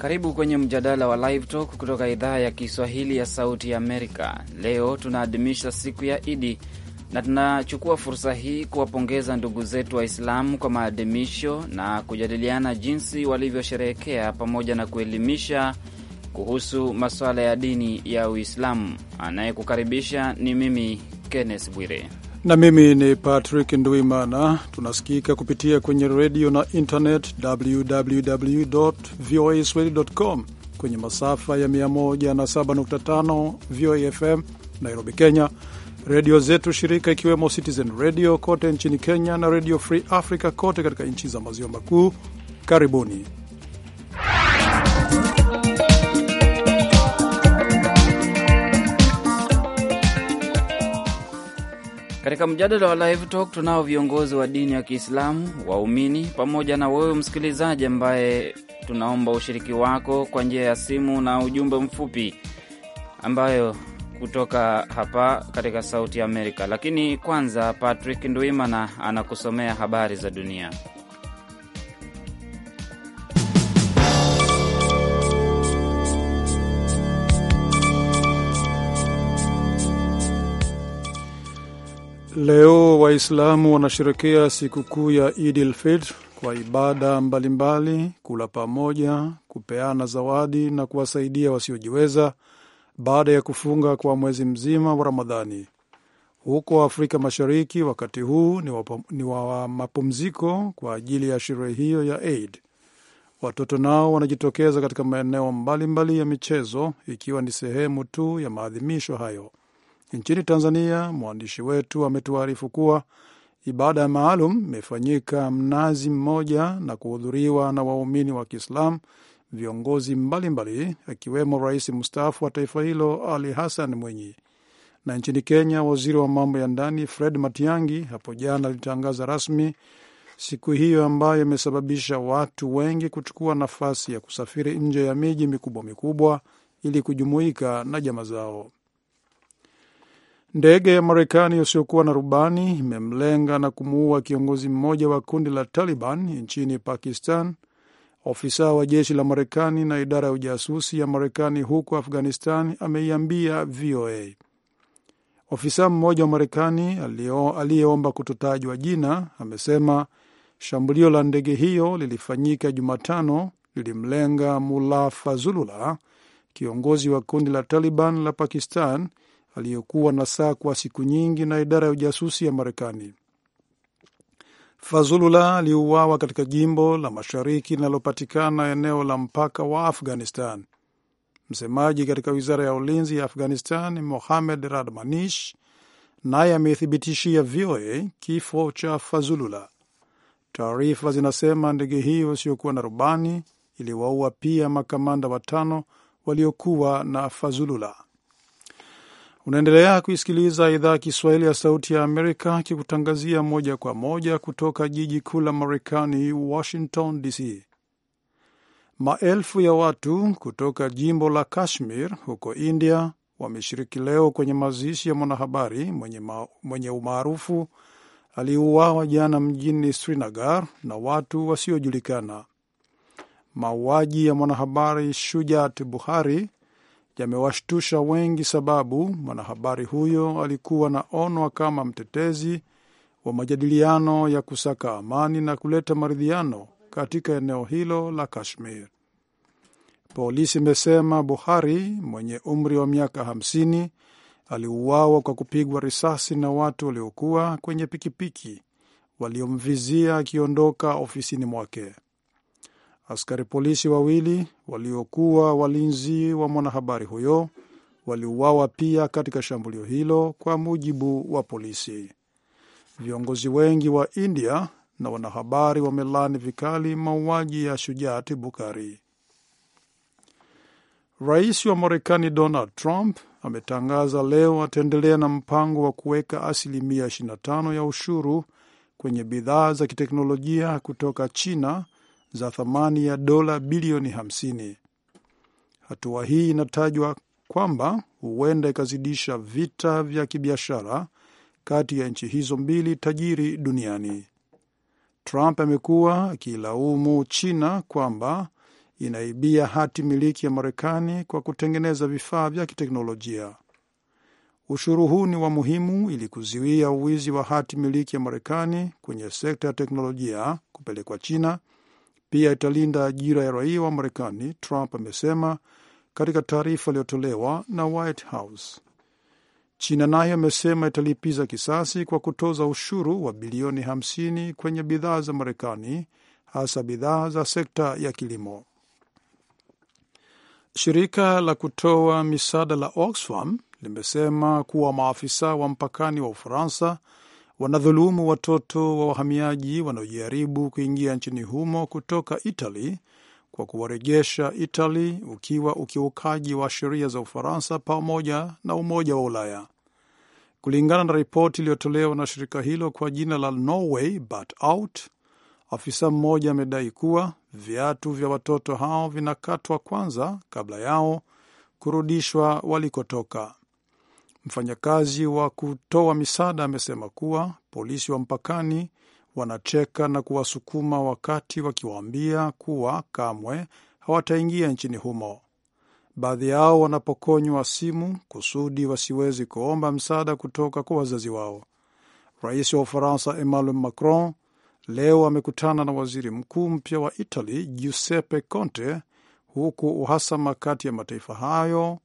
Karibu kwenye mjadala wa Live Talk kutoka idhaa ya Kiswahili ya Sauti ya Amerika. Leo tunaadhimisha siku ya Idi na tunachukua fursa hii kuwapongeza ndugu zetu Waislamu kwa maadhimisho na kujadiliana jinsi walivyosherehekea pamoja na kuelimisha kuhusu masuala ya dini ya Uislamu. Anayekukaribisha ni mimi Kenneth Bwire na mimi ni Patrick nduimana Tunasikika kupitia kwenye redio na internet www voa swahili com, kwenye masafa ya 107.5 VOA FM Nairobi, Kenya, redio zetu shirika ikiwemo Citizen Radio kote nchini Kenya na redio Free Africa kote katika nchi za maziwa makuu. Karibuni. Katika mjadala wa Live Talk tunao viongozi wa dini ya Kiislamu, waumini, pamoja na wewe msikilizaji, ambaye tunaomba ushiriki wako kwa njia ya simu na ujumbe mfupi ambayo kutoka hapa katika Sauti ya Amerika. Lakini kwanza, Patrick Ndwimana anakusomea habari za dunia. Leo Waislamu wanasherekea sikukuu ya Eid kwa ibada mbalimbali mbali, kula pamoja, kupeana zawadi na kuwasaidia wasiojiweza baada ya kufunga kwa mwezi mzima wa Ramadhani. Huko Afrika Mashariki wakati huu ni, ni wa mapumziko kwa ajili ya sherehe hiyo ya Eid. Watoto nao wanajitokeza katika maeneo mbalimbali mbali ya michezo ikiwa ni sehemu tu ya maadhimisho hayo. Nchini Tanzania, mwandishi wetu ametuarifu kuwa ibada maalum imefanyika Mnazi Mmoja na kuhudhuriwa na waumini wa Kiislamu, viongozi mbalimbali, akiwemo rais mstaafu wa taifa hilo Ali Hassan Mwinyi. Na nchini Kenya, waziri wa mambo ya ndani Fred Matiang'i hapo jana alitangaza rasmi siku hiyo ambayo imesababisha watu wengi kuchukua nafasi ya kusafiri nje ya miji mikubwa mikubwa ili kujumuika na jamaa zao. Ndege ya Marekani isiyokuwa na rubani imemlenga na kumuua kiongozi mmoja wa kundi la Taliban nchini Pakistan, ofisa wa jeshi la Marekani na idara ya ujasusi ya Marekani huko Afghanistan ameiambia VOA. Ofisa mmoja wa Marekani aliyeomba kutotajwa jina amesema shambulio la ndege hiyo lilifanyika Jumatano, lilimlenga mula Fazulullah, kiongozi wa kundi la Taliban la Pakistan aliyokuwa na saa kwa siku nyingi na idara ya ujasusi ya Marekani. Fazulullah aliuawa katika jimbo la mashariki linalopatikana eneo la mpaka wa Afghanistan. Msemaji katika wizara ya ulinzi ya Afghanistan, Mohamed Radmanish, naye amethibitishia VOA kifo cha Fazulullah. Taarifa zinasema ndege hiyo isiyokuwa na rubani iliwaua pia makamanda watano waliokuwa na Fazulullah. Unaendelea kuisikiliza idhaa ya Kiswahili ya Sauti ya Amerika kikutangazia moja kwa moja kutoka jiji kuu la Marekani, Washington DC. Maelfu ya watu kutoka jimbo la Kashmir huko India wameshiriki leo kwenye mazishi ya mwanahabari mwenye, mwenye umaarufu aliyeuawa jana mjini Srinagar na watu wasiojulikana. Mauaji ya mwanahabari Shujat Buhari yamewashtusha wengi, sababu mwanahabari huyo alikuwa anaonwa kama mtetezi wa majadiliano ya kusaka amani na kuleta maridhiano katika eneo hilo la Kashmir. Polisi imesema Buhari mwenye umri wa miaka 50 aliuawa kwa kupigwa risasi na watu waliokuwa kwenye pikipiki waliomvizia akiondoka ofisini mwake. Askari polisi wawili waliokuwa walinzi wa mwanahabari huyo waliuawa pia katika shambulio hilo, kwa mujibu wa polisi. Viongozi wengi wa India na wanahabari wamelaani vikali mauaji ya shujaa tibukari Rais wa Marekani Donald Trump ametangaza leo ataendelea na mpango wa kuweka asilimia 25 ya ushuru kwenye bidhaa za kiteknolojia kutoka China za thamani ya dola bilioni 50. Hatua hii inatajwa kwamba huenda ikazidisha vita vya kibiashara kati ya nchi hizo mbili tajiri duniani. Trump amekuwa akiilaumu China kwamba inaibia hati miliki ya Marekani kwa kutengeneza vifaa vya kiteknolojia. Ushuru huu ni wa muhimu ili kuzuia uwizi wa hati miliki ya Marekani kwenye sekta ya teknolojia kupelekwa China pia italinda ajira ya raia wa Marekani, Trump amesema katika taarifa iliyotolewa na White House. China nayo amesema italipiza kisasi kwa kutoza ushuru wa bilioni 50 kwenye bidhaa za Marekani, hasa bidhaa za sekta ya kilimo. Shirika la kutoa misaada la Oxfam limesema kuwa maafisa wa mpakani wa Ufaransa wanadhulumu watoto wa wahamiaji wanaojaribu kuingia nchini humo kutoka Italy kwa kuwarejesha Italy, ukiwa ukiukaji wa sheria za Ufaransa pamoja na Umoja wa Ulaya. Kulingana na ripoti iliyotolewa na shirika hilo kwa jina la Norway Bat Out, afisa mmoja amedai kuwa viatu vya watoto hao vinakatwa kwanza kabla yao kurudishwa walikotoka. Mfanyakazi wa kutoa misaada amesema kuwa polisi wa mpakani wanacheka na kuwasukuma wakati wakiwaambia kuwa kamwe hawataingia nchini humo. Baadhi yao wanapokonywa simu kusudi wasiwezi kuomba msaada kutoka kwa wazazi wao. Rais wa Ufaransa Emmanuel Macron leo amekutana na waziri mkuu mpya wa Italy Giuseppe Conte, huku uhasama kati ya mataifa hayo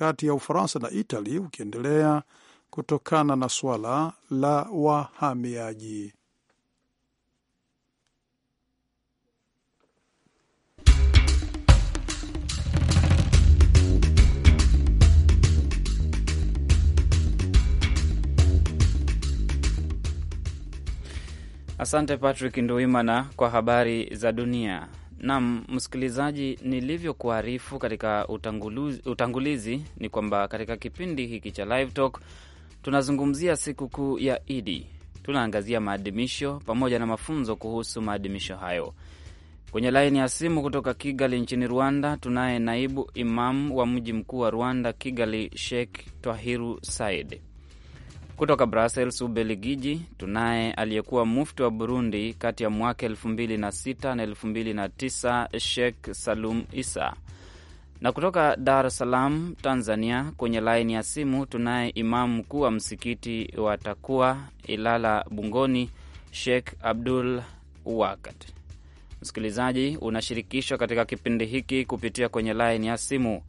kati ya Ufaransa na Itali ukiendelea kutokana na suala la wahamiaji. Asante Patrick Nduimana kwa habari za dunia. Naam, msikilizaji, nilivyokuarifu katika utangulizi, utangulizi ni kwamba katika kipindi hiki cha Live Talk tunazungumzia sikukuu ya Idi, tunaangazia maadhimisho pamoja na mafunzo kuhusu maadhimisho hayo. Kwenye laini ya simu kutoka Kigali nchini Rwanda tunaye naibu imamu wa mji mkuu wa Rwanda, Kigali, Sheikh Twahiru Said. Kutoka Brussels, Ubeligiji, tunaye aliyekuwa mufti wa Burundi kati ya mwaka 2006 na 2009 Sheikh Salum Isa, na kutoka Dar es Salaam, Tanzania, kwenye laini ya simu tunaye imamu mkuu wa msikiti wa Takua Ilala Bungoni, Sheikh Abdul Wakat. Msikilizaji, unashirikishwa katika kipindi hiki kupitia kwenye laini ya simu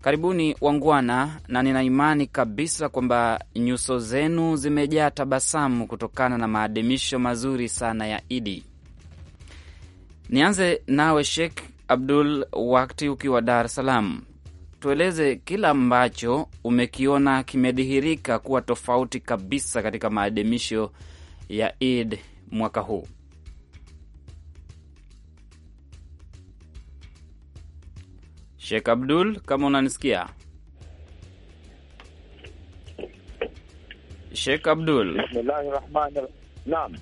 Karibuni wangwana, na nina imani kabisa kwamba nyuso zenu zimejaa tabasamu kutokana na maadhimisho mazuri sana ya Idi. Nianze nawe Sheikh Abdul Wakti, ukiwa Dar es Salaam, tueleze kila ambacho umekiona kimedhihirika kuwa tofauti kabisa katika maadhimisho ya id mwaka huu. Sheikh Abdul, kama unanisikia Sheikh Abdul, naam,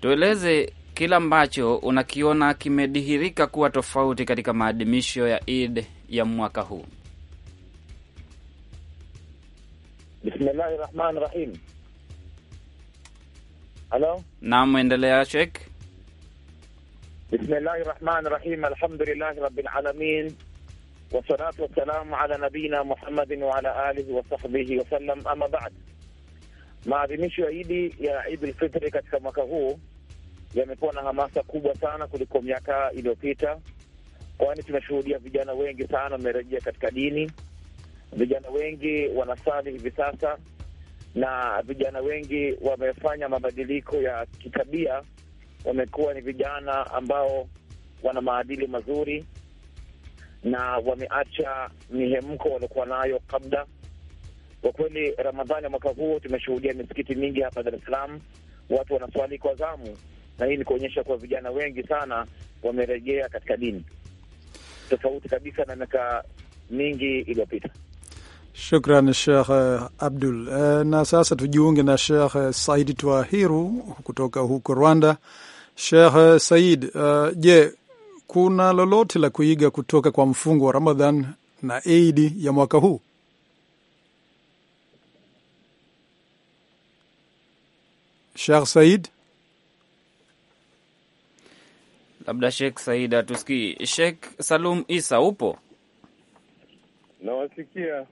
tueleze kila ambacho unakiona kimedhihirika kuwa tofauti katika maadhimisho ya Eid ya mwaka huu. Bismillahi rahmani rahim. Halo, naam, endelea Sheikh. Bismillahi rahmani rahim, alhamdulillahi rabbil alamin wassalatu wassalamu ala nabiina Muhammadin wa ala alihi wa sahbihi wasallam, ama baad. Maadhimisho ya Idi ya Idul Fitri katika mwaka huu yamekuwa na hamasa kubwa sana kuliko miaka iliyopita, kwani tumeshuhudia vijana wengi sana wamerejea katika dini. Vijana wengi wanasali hivi sasa na vijana wengi wamefanya mabadiliko ya kitabia. Wamekuwa ni vijana ambao wana maadili mazuri na wameacha mihemko waliokuwa nayo kabla. Kwa kweli, Ramadhani ya mwaka huu tumeshuhudia misikiti mingi hapa Dar es Salaam, watu wanaswali kwa zamu, na hii ni kuonyesha kuwa vijana wengi sana wamerejea katika dini, tofauti kabisa na miaka mingi iliyopita. Shukran Shekh eh, Abdul. Eh, na sasa tujiunge na Shekh eh, Saidi Twahiru kutoka huko Rwanda. Shekh Said, je, kuna lolote la kuiga kutoka kwa mfungo wa Ramadhan na Eid ya mwaka huu? Sheikh Said, labda Sheikh Said atusikii. Sheikh Salum Isa, upo? Nawasikia.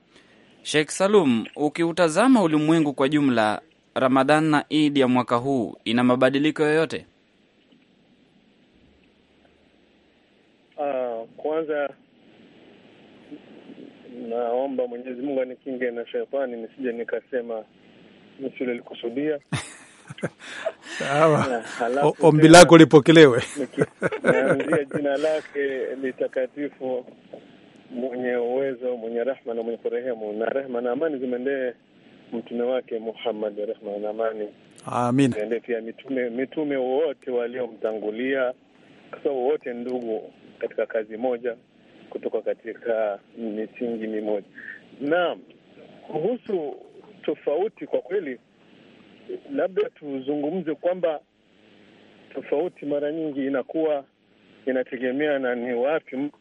Sheikh Salum, ukiutazama ulimwengu kwa jumla, Ramadhan na Eid ya mwaka huu ina mabadiliko yoyote? kwanza naomba Mwenyezi Mungu anikinge na shetani nisije nikasema nisilolikusudia. Sawa, ombi lako lipokelewe. Naanzia jina lake litakatifu, mwenye uwezo, mwenye rehma na mwenye kurehemu, na rehma na amani zimeendee mtume wake Muhammad, rehma na amani amin, ziende pia mitume mitume wote waliomtangulia, kwa sababu wote ndugu katika kazi moja kutoka katika misingi mimoja. na kuhusu tofauti, kwa kweli, labda tuzungumze kwamba tofauti mara nyingi inakuwa inategemea na ni wapi mtu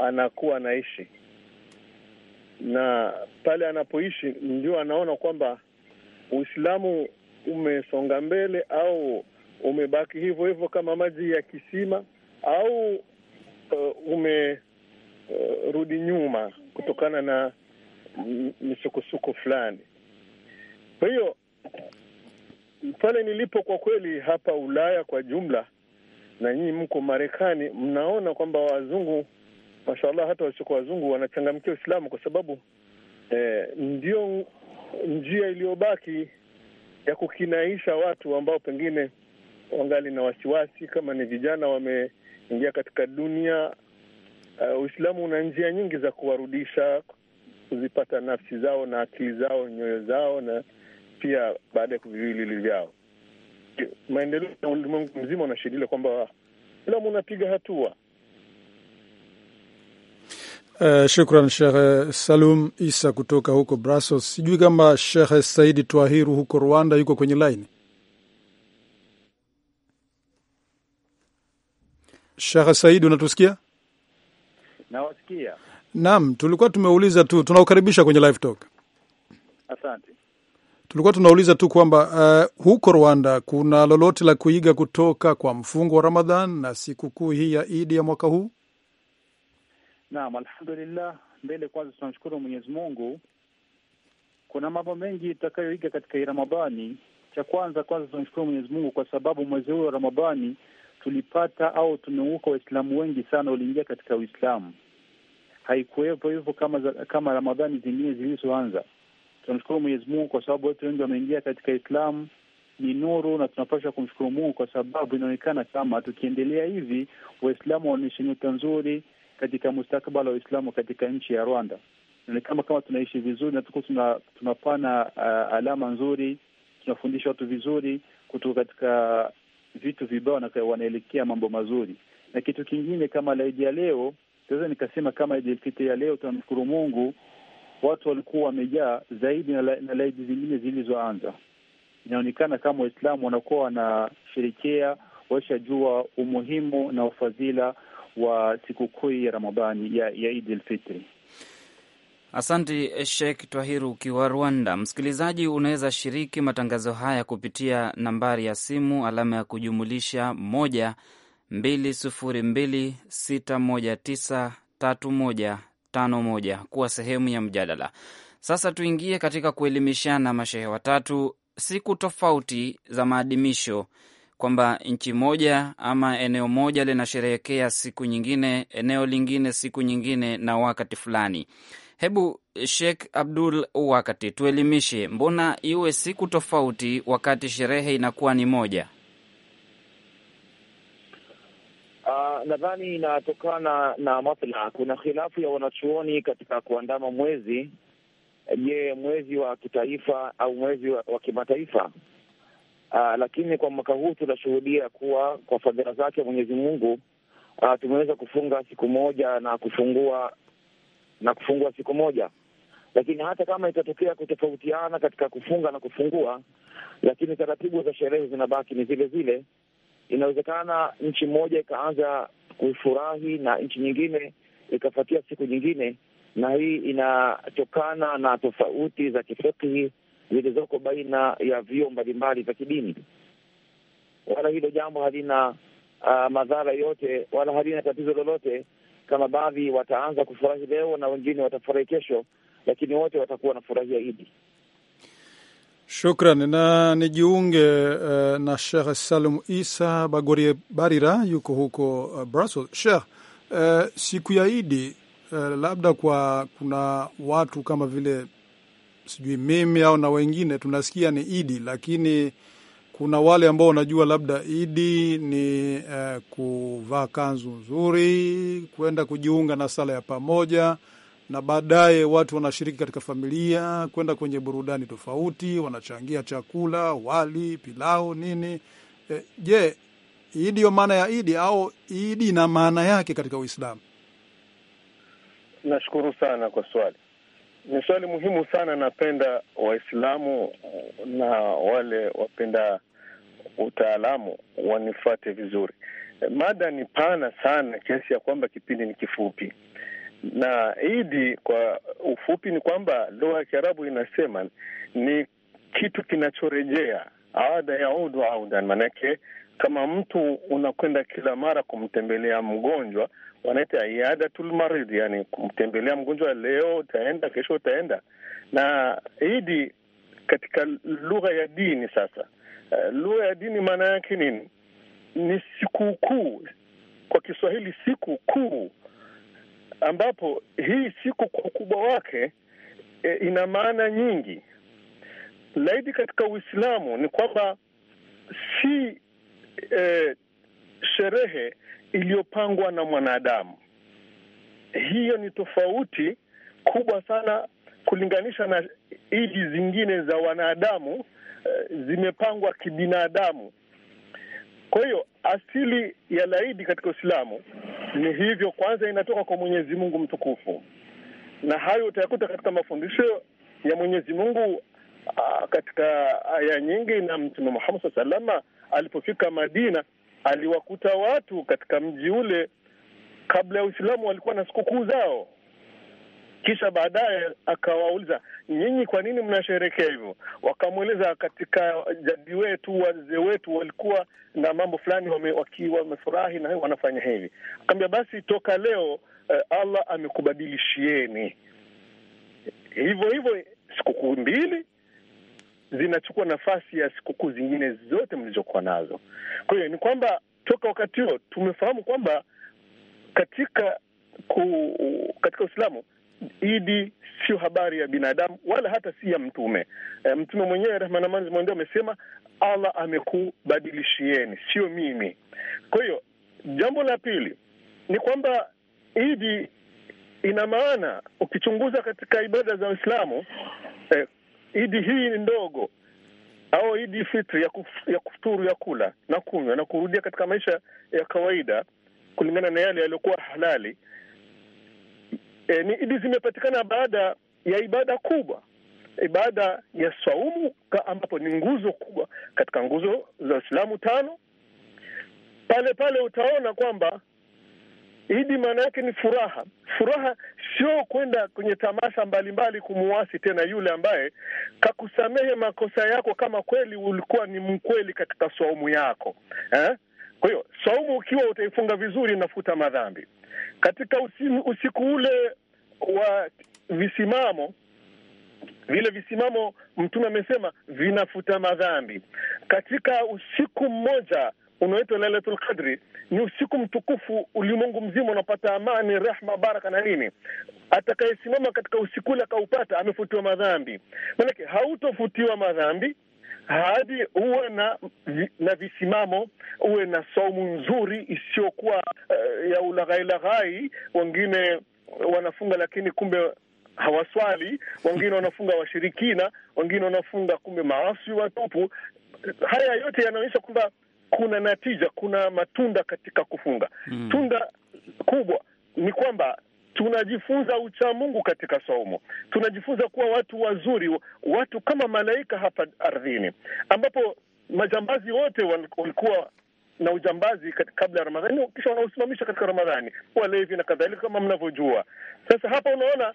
anakuwa anaishi, na pale anapoishi ndio anaona kwamba Uislamu umesonga mbele au umebaki hivyo hivyo kama maji ya kisima au uh, umerudi uh, nyuma kutokana na misukosuko fulani. Kwa hiyo pale nilipo kwa kweli, hapa Ulaya kwa jumla na nyinyi mko Marekani, mnaona kwamba wazungu mashallah, hata wasioko wazungu wanachangamkia Uislamu kwa sababu eh, ndio njia iliyobaki ya kukinaisha watu ambao pengine wangali na wasiwasi, kama ni vijana wame kuingia katika dunia. Uh, Uislamu una njia nyingi za kuwarudisha kuzipata nafsi zao na akili zao, nyoyo zao, na pia baada ya kuviwilili vyao. Maendeleo ya ulimwengu mzima unashidile kwamba Uislamu unapiga hatua. Uh, shukran Shekhe Salum Isa kutoka huko Brussels. Sijui kama Shekhe Saidi Twahiru huko Rwanda yuko kwenye laini. Shekh Said, unatusikia? Nawasikia. Naam, tulikuwa tumeuliza tu, tunaukaribisha kwenye live talk. Asante. Tulikuwa tunauliza tu kwamba uh, huko Rwanda kuna lolote la kuiga kutoka kwa mfungo wa Ramadhan na sikukuu hii ya Idi ya mwaka huu? Naam, alhamdulillah. Mbele kwanza tunamshukuru Mwenyezi Mungu. Kuna mambo mengi itakayoiga katika Ramadhani. Cha kwanza kwanza tunamshukuru Mwenyezi Mungu kwa sababu mwezi huu wa Ramadhani tulipata au tumeuka Waislamu wengi sana waliingia katika Uislamu. Haikuwepo hivyo kama kama Ramadhani zingine zilizoanza. Tunamshukuru Mwenyezi Mungu kwa sababu watu wengi wameingia katika Islamu, ni nuru, na tunapaswa kumshukuru Mungu kwa sababu inaonekana kama tukiendelea hivi Waislamu wanaonyesha nyota nzuri katika mustakabali wa Uislamu katika nchi ya Rwanda. Inaonekana kama tunaishi vizuri na tuko tuna, tunapana uh, alama nzuri, tunafundisha watu vizuri kutoka katika vitu vibaya, wanaelekea mambo mazuri. Na kitu kingine kama laidi ya leo, naweza nikasema kama Idi ya leo, tunamshukuru Mungu, watu walikuwa wamejaa zaidi na, la, na laidi zingine zilizoanza. Inaonekana kama Waislamu wanakuwa wanasherekea, washajua umuhimu na ufadhila wa sikukuu ya Ramadhani ya, ya Idi Elfitri. Asante Sheikh Twahiru ukiwa Rwanda. Msikilizaji, unaweza shiriki matangazo haya kupitia nambari ya simu alama ya kujumulisha 1 kuwa sehemu ya mjadala. Sasa tuingie katika kuelimishana, mashehe watatu, siku tofauti za maadhimisho kwamba nchi moja ama eneo moja linasherehekea siku nyingine, eneo lingine siku nyingine na wakati fulani. Hebu Sheikh Abdul Wakati, tuelimishe, mbona iwe siku tofauti wakati sherehe inakuwa ni moja? Uh, nadhani inatokana na mathala, kuna khilafu ya wanachuoni katika kuandama mwezi. Je, mwezi wa kitaifa au mwezi wa, wa kimataifa? Uh, lakini kwa mwaka huu tunashuhudia kuwa kwa fadhila zake Mwenyezi Mungu uh, tumeweza kufunga siku moja na kufungua na kufungua siku moja, lakini hata kama itatokea kutofautiana katika kufunga na kufungua, lakini taratibu za sherehe zinabaki ni zile zile. Inawezekana nchi moja ikaanza kuifurahi na nchi nyingine ikafuatia siku nyingine, na hii inatokana na tofauti za kifikihi zilizoko baina ya vyuo mbalimbali vya kidini. Wala hilo jambo halina uh, madhara yote wala halina tatizo lolote, kama baadhi wataanza kufurahi leo na wengine watafurahi kesho, lakini wote watakuwa wanafurahia Idi. Shukran na nijiunge uh, na Shekh Salum Isa Bagorie Barira yuko huko uh, Brussels. Shekh, uh, eh, siku ya Idi uh, labda kwa kuna watu kama vile sijui mimi au na wengine tunasikia ni Idi, lakini kuna wale ambao wanajua labda idi ni eh, kuvaa kanzu nzuri, kwenda kujiunga na sala ya pamoja, na baadaye watu wanashiriki katika familia, kwenda kwenye burudani tofauti, wanachangia chakula, wali, pilau, nini. Eh, je, hii ndiyo maana ya idi au idi ina maana yake katika Uislamu? Nashukuru sana kwa swali. Ni swali muhimu sana. Napenda Waislamu eh, na wale wapenda utaalamu wanifate vizuri. Mada ni pana sana kiasi ya kwamba kipindi ni kifupi, na idi kwa ufupi ni kwamba lugha ya Kiarabu inasema ni kitu kinachorejea, ada yaudu audan, maanake kama mtu unakwenda kila mara kumtembelea mgonjwa, wanaita iadatul yani kumtembelea mgonjwa. Leo utaenda, kesho utaenda. Na idi katika lugha ya dini sasa Eh, lugha ya dini maana yake nini? Ni sikukuu, kwa Kiswahili siku kuu, ambapo hii siku kwa ukubwa wake e, ina maana nyingi zaidi katika Uislamu ni kwamba si e, sherehe iliyopangwa na mwanadamu. Hiyo ni tofauti kubwa sana kulinganisha na idi zingine za wanadamu Eh, zimepangwa kibinadamu. Kwa hiyo asili ya laidi katika Uislamu ni hivyo, kwanza inatoka kwa Mwenyezi Mungu mtukufu, na hayo utayakuta katika mafundisho ya Mwenyezi Mungu ah, katika aya nyingi, na Mtume Muhammad saa salama alipofika Madina aliwakuta watu katika mji ule, kabla ya Uislamu walikuwa na sikukuu zao kisha baadaye akawauliza nyinyi, kwa nini mnasherekea hivyo? Wakamweleza katika jadi wetu, wazee wetu walikuwa na mambo fulani wame, wakiwa wamefurahi na wanafanya hivi. Akaambia basi, toka leo uh, Allah amekubadilishieni hivyo hivyo. Sikukuu mbili zinachukua nafasi ya sikukuu zingine zote mlizokuwa nazo. Kwa hiyo ni kwamba toka wakati huo tumefahamu kwamba katika ku, katika Uislamu Idi sio habari ya binadamu wala hata si ya mtume. E, mtume mwenyewe rehma na amani amesema, Allah amekubadilishieni, sio mimi. Kwa hiyo jambo la pili ni kwamba Idi ina maana, ukichunguza katika ibada za Uislamu e, Idi hii ni ndogo au Idi fitri ya, kuf, ya kufuturu ya kula na kunywa na kurudia katika maisha ya kawaida kulingana na yale yaliyokuwa halali E, ni idi zimepatikana baada ya ibada kubwa, ibada ya swaumu, ambapo ni nguzo kubwa katika nguzo za Uislamu tano. Pale pale utaona kwamba Idi maana yake ni furaha. Furaha sio kwenda kwenye tamasha mbalimbali kumuasi tena yule ambaye kakusamehe makosa yako, kama kweli ulikuwa ni mkweli katika swaumu yako eh? Kwa hiyo saumu ukiwa utaifunga vizuri, inafuta madhambi. Katika usimu, usiku ule wa visimamo vile visimamo Mtume amesema vinafuta madhambi. Katika usiku mmoja unaoitwa Lailatul Qadri, ni usiku mtukufu, ulimwengu mzima unapata amani, rehma, baraka na nini. Atakayesimama katika usiku ule akaupata, amefutiwa madhambi. Maanake hautofutiwa madhambi hadi uwe na na visimamo, uwe na saumu nzuri isiyokuwa uh, ya ulaghailaghai. Wengine wanafunga lakini kumbe hawaswali, wengine wanafunga washirikina, wengine wanafunga kumbe maasi watupu. Haya yote yanaonyesha kwamba kuna natija, kuna matunda katika kufunga. Mm. Tunda kubwa ni kwamba tunajifunza ucha Mungu katika somo, tunajifunza kuwa watu wazuri, watu kama malaika hapa ardhini, ambapo majambazi wote walikuwa na ujambazi kabla ya Ramadhani, kisha wanausimamisha katika Ramadhani, walevi na kadhalika, kama mnavyojua. Sasa hapa unaona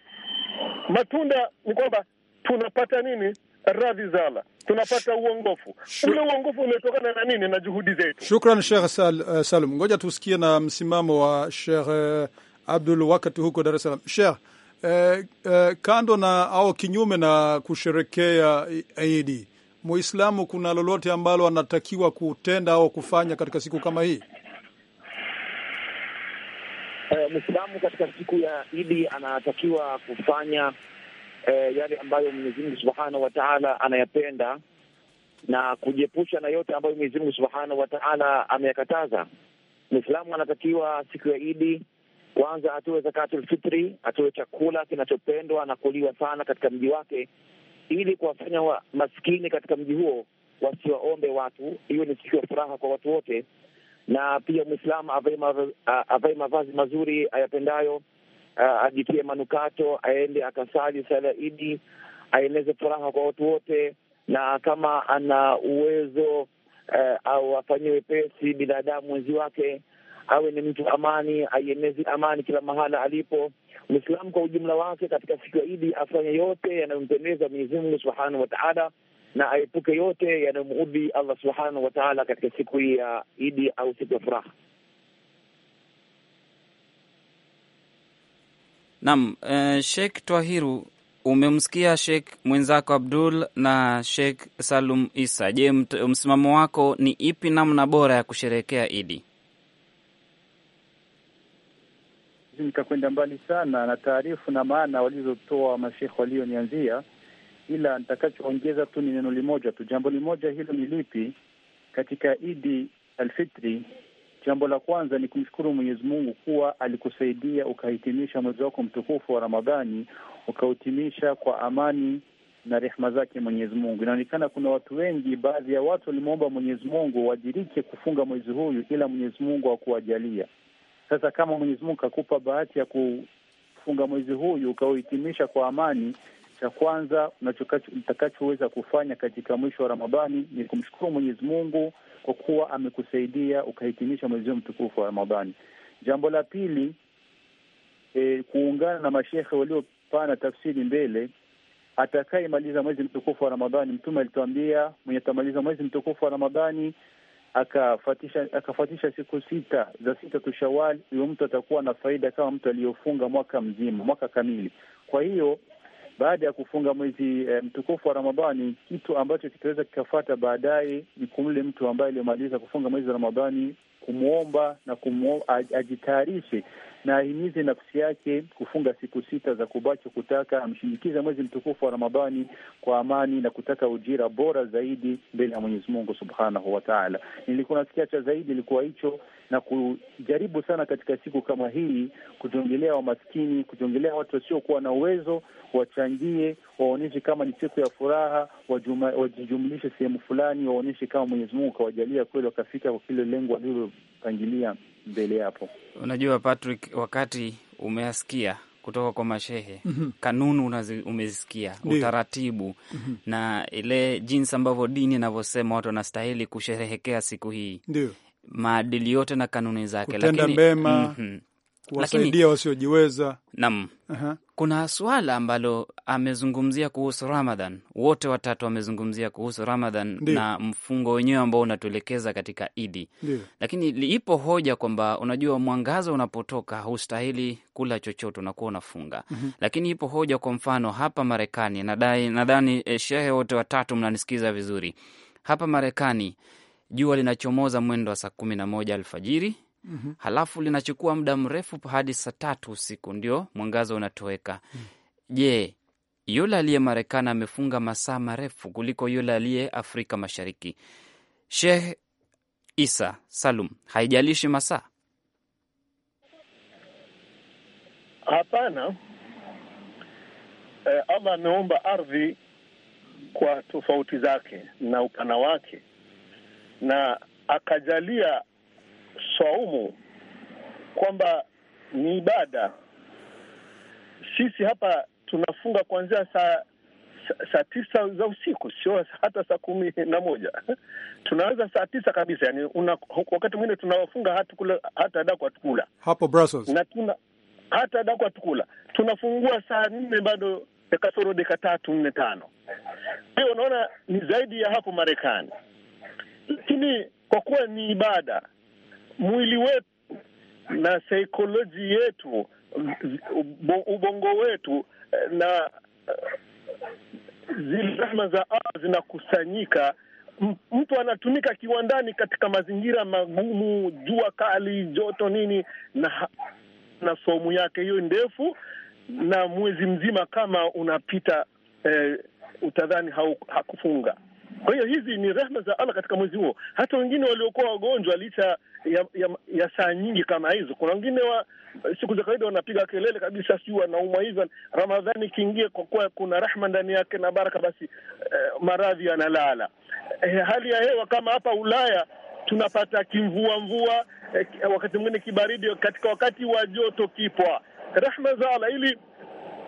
matunda ni kwamba tunapata nini? Radhi za Allah, tunapata uongofu. Ule uongofu umetokana na nini? Na juhudi zetu. Shukran Shekh Sal, uh, Salum. Ngoja tusikie na msimamo wa Shekh uh, eh, Abdul Wakati huko Dar es Salaam. Sheikh, eh, eh, kando na au kinyume na kusherekea idi Muislamu kuna lolote ambalo anatakiwa kutenda au kufanya katika siku kama hii? Eh, Muislamu katika siku ya Idi anatakiwa kufanya eh, yale ambayo Mwenyezi Mungu Subhanahu wa Ta'ala anayapenda na kujiepusha na yote ambayo Mwenyezi Mungu Subhanahu wa Ta'ala ameyakataza. Muislamu anatakiwa siku ya Idi kwanza atoe zakatu fitri, atoe chakula kinachopendwa na kuliwa sana katika mji wake, ili kuwafanya wa maskini katika mji huo wasiwaombe watu. Hiyo ni siku ya furaha kwa watu wote, na pia Mwislamu avae mavazi mazuri ayapendayo, ajitie manukato, aende akasali sala Idi, aeneze furaha kwa watu wote, na kama ana uwezo uh, au afanyie wepesi binadamu mwenzi wake awe ni mtu amani, aienezi amani kila mahala alipo. Mwislamu kwa ujumla wake katika siku ya Idi afanye yote yanayompendeza Mwenyezi Mungu subhanahu wa taala na aepuke yote yanayomudhi Allah subhanahu wa taala katika siku hii ya Idi au siku ya furaha. Naam, eh, Sheikh Twahiru, umemsikia Sheikh mwenzako Abdul na Sheikh Salum Isa. Je, msimamo wako ni ipi namna bora ya kusherehekea Idi? nikakwenda mbali sana na taarifu na maana walizotoa mashekhe walionianzia, ila nitakachoongeza tu ni neno limoja tu. Jambo limoja hilo ni lipi? Katika Idi Alfitri, jambo la kwanza ni kumshukuru Mwenyezi Mungu kuwa alikusaidia ukahitimisha mwezi wako mtukufu wa Ramadhani, ukahitimisha kwa amani na rehema zake Mwenyezi Mungu. Inaonekana kuna watu wengi, baadhi ya watu walimwomba Mwenyezi Mungu wadirike kufunga mwezi huyu, ila Mwenyezi Mungu hakuwajalia sasa kama Mwenyezi Mungu kakupa bahati ya kufunga mwezi huyu ukauhitimisha kwa amani, cha kwanza mtakachoweza kufanya katika mwisho wa Ramadhani ni kumshukuru Mwenyezi Mungu kwa kuwa amekusaidia ukahitimisha mwezi huo mtukufu wa Ramadhani. Jambo la pili, e, kuungana na mashehe waliopana tafsiri mbele atakayemaliza mwezi mtukufu wa Ramadhani, Mtume alituambia mwenye atamaliza mwezi mtukufu wa Ramadhani akafuatisha akafuatisha siku sita za sita tu Shawali, huyo mtu atakuwa na faida kama mtu aliyofunga mwaka mzima, mwaka kamili. Kwa hiyo baada ya kufunga mwezi e, mtukufu wa Ramadhani, kitu ambacho kitaweza kikafata baadaye ni kumle mtu ambaye aliyomaliza kufunga mwezi wa Ramadhani kumwomba na kumwomba ajitayarishe na ahimize nafsi yake kufunga siku sita za kubacha, kutaka amshinikize mwezi mtukufu wa Ramadhani kwa amani na kutaka ujira bora zaidi mbele ya Mwenyezi Mungu subhanahu wa taala. Nilikuwa nasikia cha zaidi ilikuwa hicho, na kujaribu sana katika siku kama hii kujongelea wamaskini, kujongelea watu wasiokuwa na uwezo, wachangie, waonyeshe kama ni siku ya furaha, wajijumlishe sehemu fulani, waonyeshe kama Mwenyezi Mungu kawajalia kweli wakafika kwa kile lengo walilo kupangilia mbele yapo. Unajua Patrick, wakati umeasikia kutoka kwa mashehe mm -hmm. Kanuni umezisikia utaratibu mm -hmm. na ile jinsi ambavyo dini inavyosema watu wanastahili kusherehekea siku hii Ndiyo. maadili yote na kanuni zake, lakini mema. Mm -hmm kuwasaidia wasiojiweza. Naam. uh -huh. Kuna swala ambalo amezungumzia kuhusu Ramadhan, wote watatu wamezungumzia kuhusu Ramadhan Ndiyo. na mfungo wenyewe ambao unatuelekeza katika Idi Ndiyo. Lakini ipo hoja kwamba unajua, mwangaza unapotoka hustahili kula chochote, unakuwa unafunga mm -hmm. Lakini ipo hoja, kwa mfano hapa Marekani, nadai nadhani eh, shehe wote watatu mnanisikiza vizuri. Hapa Marekani jua linachomoza mwendo wa saa kumi na moja alfajiri -hmm. halafu linachukua muda mrefu hadi saa tatu usiku ndio mwangaza unatoweka. mm -hmm. Je, yule aliye Marekani amefunga masaa marefu kuliko yule aliye Afrika Mashariki? Sheikh Isa Salum, haijalishi masaa? Hapana. Eh, Allah ameumba ardhi kwa tofauti zake na upana wake na akajalia swaumu kwamba ni ibada. Sisi hapa tunafunga kuanzia saa saa tisa za usiku, sio hata saa kumi na moja tunaweza saa tisa kabisa. Yani una, wakati mwingine tunawafunga hatukula hata dakwa tukula hapo Brussels, na tuna hata dakwa tukula tunafungua saa nne bado kasoro dakika tatu nne tano. Hiyo unaona ni zaidi ya hapo Marekani, lakini kwa kuwa ni ibada mwili wetu na saikoloji yetu, ubongo wetu eh, na eh, zile za a zinakusanyika. Mtu anatumika kiwandani katika mazingira magumu, jua kali, joto nini, na na somu yake hiyo ndefu na mwezi mzima kama unapita eh, utadhani hau, hakufunga. Kwa hiyo hizi ni rehma za Allah katika mwezi huo. Hata wengine waliokuwa wagonjwa licha ya, ya, ya saa nyingi kama hizo. Kuna wengine wa siku za kawaida wanapiga kelele kabisa, sijui wanaumwa hizo Ramadhani ikiingia, kwa kuwa kuna rahma ndani yake na baraka, basi eh, maradhi yanalala. Eh, hali ya hewa kama hapa Ulaya tunapata kimvua mvua, eh, wakati mwingine kibaridi, katika wakati wa joto kipwa. Rahma za Allah ili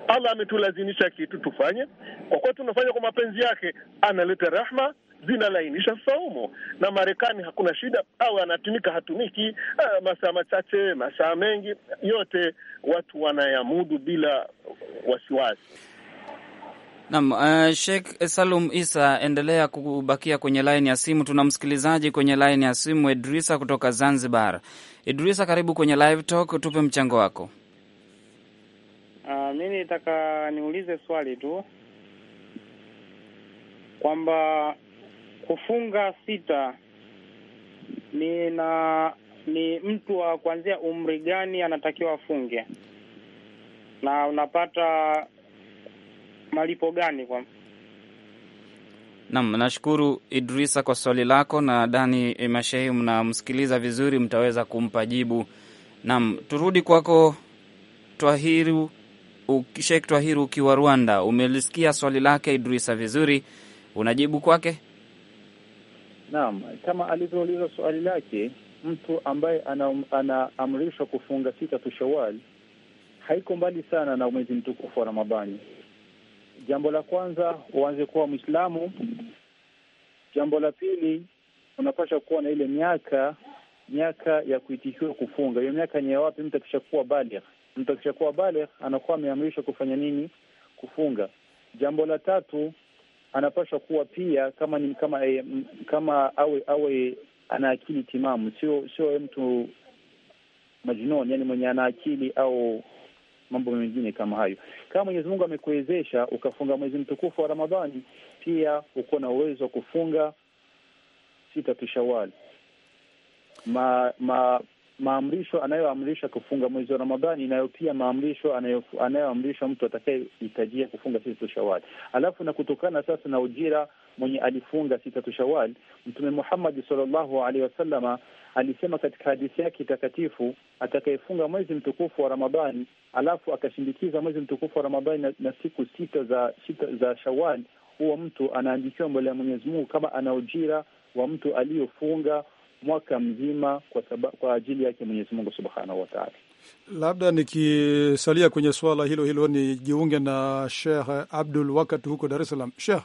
Allah ametulazimisha kitu tufanye, kwa kuwa tunafanya kwa mapenzi yake, analeta rahma zinalainisha saumu, na Marekani hakuna shida, au anatumika hatumiki, ah, masaa machache, masaa mengi, yote watu wanayamudu bila wasiwasi. Naam, uh, Sheikh Salum Isa, endelea kubakia kwenye laini ya simu. Tuna msikilizaji kwenye laini ya simu, Idrisa kutoka Zanzibar. Idrisa, karibu kwenye Live Talk, tupe mchango wako. Uh, ah, mi nitaka niulize swali tu kwamba Kufunga sita ni na ni mtu wa kuanzia umri gani anatakiwa afunge, na unapata malipo gani kwa Nam, nashukuru Idrisa kwa swali lako, na Dani Mashehi, mnamsikiliza vizuri, mtaweza kumpa jibu. Nam, turudi kwako Twahiru, Sheikh Twahiru ukiwa Rwanda. Umelisikia swali lake Idrisa vizuri, unajibu kwake? Naam, kama alivyouliza swali lake, mtu ambaye anaamrishwa ana kufunga sita tu Shawal haiko mbali sana na mwezi mtukufu wa Ramadhani. Jambo la kwanza uanze kuwa Mwislamu. Jambo la pili unapasha kuwa na ile miaka miaka ya kuitikiwa kufunga. Hiyo miaka ni ya wapi? Mtu akishakuwa baligh, mtu akishakuwa baligh anakuwa ameamrishwa kufanya nini? Kufunga. Jambo la tatu anapaswa kuwa pia kama ni kama eh, kama awe awe ana akili timamu, sio sio mtu majinoni, yani mwenye ana akili au mambo mengine kama hayo. Kama Mwenyezi Mungu amekuwezesha ukafunga mwezi mtukufu wa Ramadhani, pia uko na uwezo wa kufunga sita tu Shawali ma, ma maamrisho anayoamrisha kufunga mwezi wa Ramadhani, nayo pia maamrisho anayoamrisha mtu atakayehitajia kufunga tu Shawal. Alafu na kutokana sasa na ujira mwenye alifunga tu Shawal, Mtume Muhammadi sallallahu alaihi wasallama alisema katika hadithi yake takatifu, atakayefunga mwezi mtukufu wa Ramadhani alafu akashindikiza mwezi mtukufu wa Ramadhani na, na siku sita za, za Shawal, huwa mtu anaandikiwa mbele ya Mwenyezi Mungu kama ana ujira wa mtu aliyofunga mwaka mzima kwa, saba, kwa ajili yake Mwenyezi Mungu subhanahu wa taala. Labda nikisalia kwenye swala hilo hilo nijiunge na Sheikh Abdul Wakat huko Dar es Salaam. Sheikh,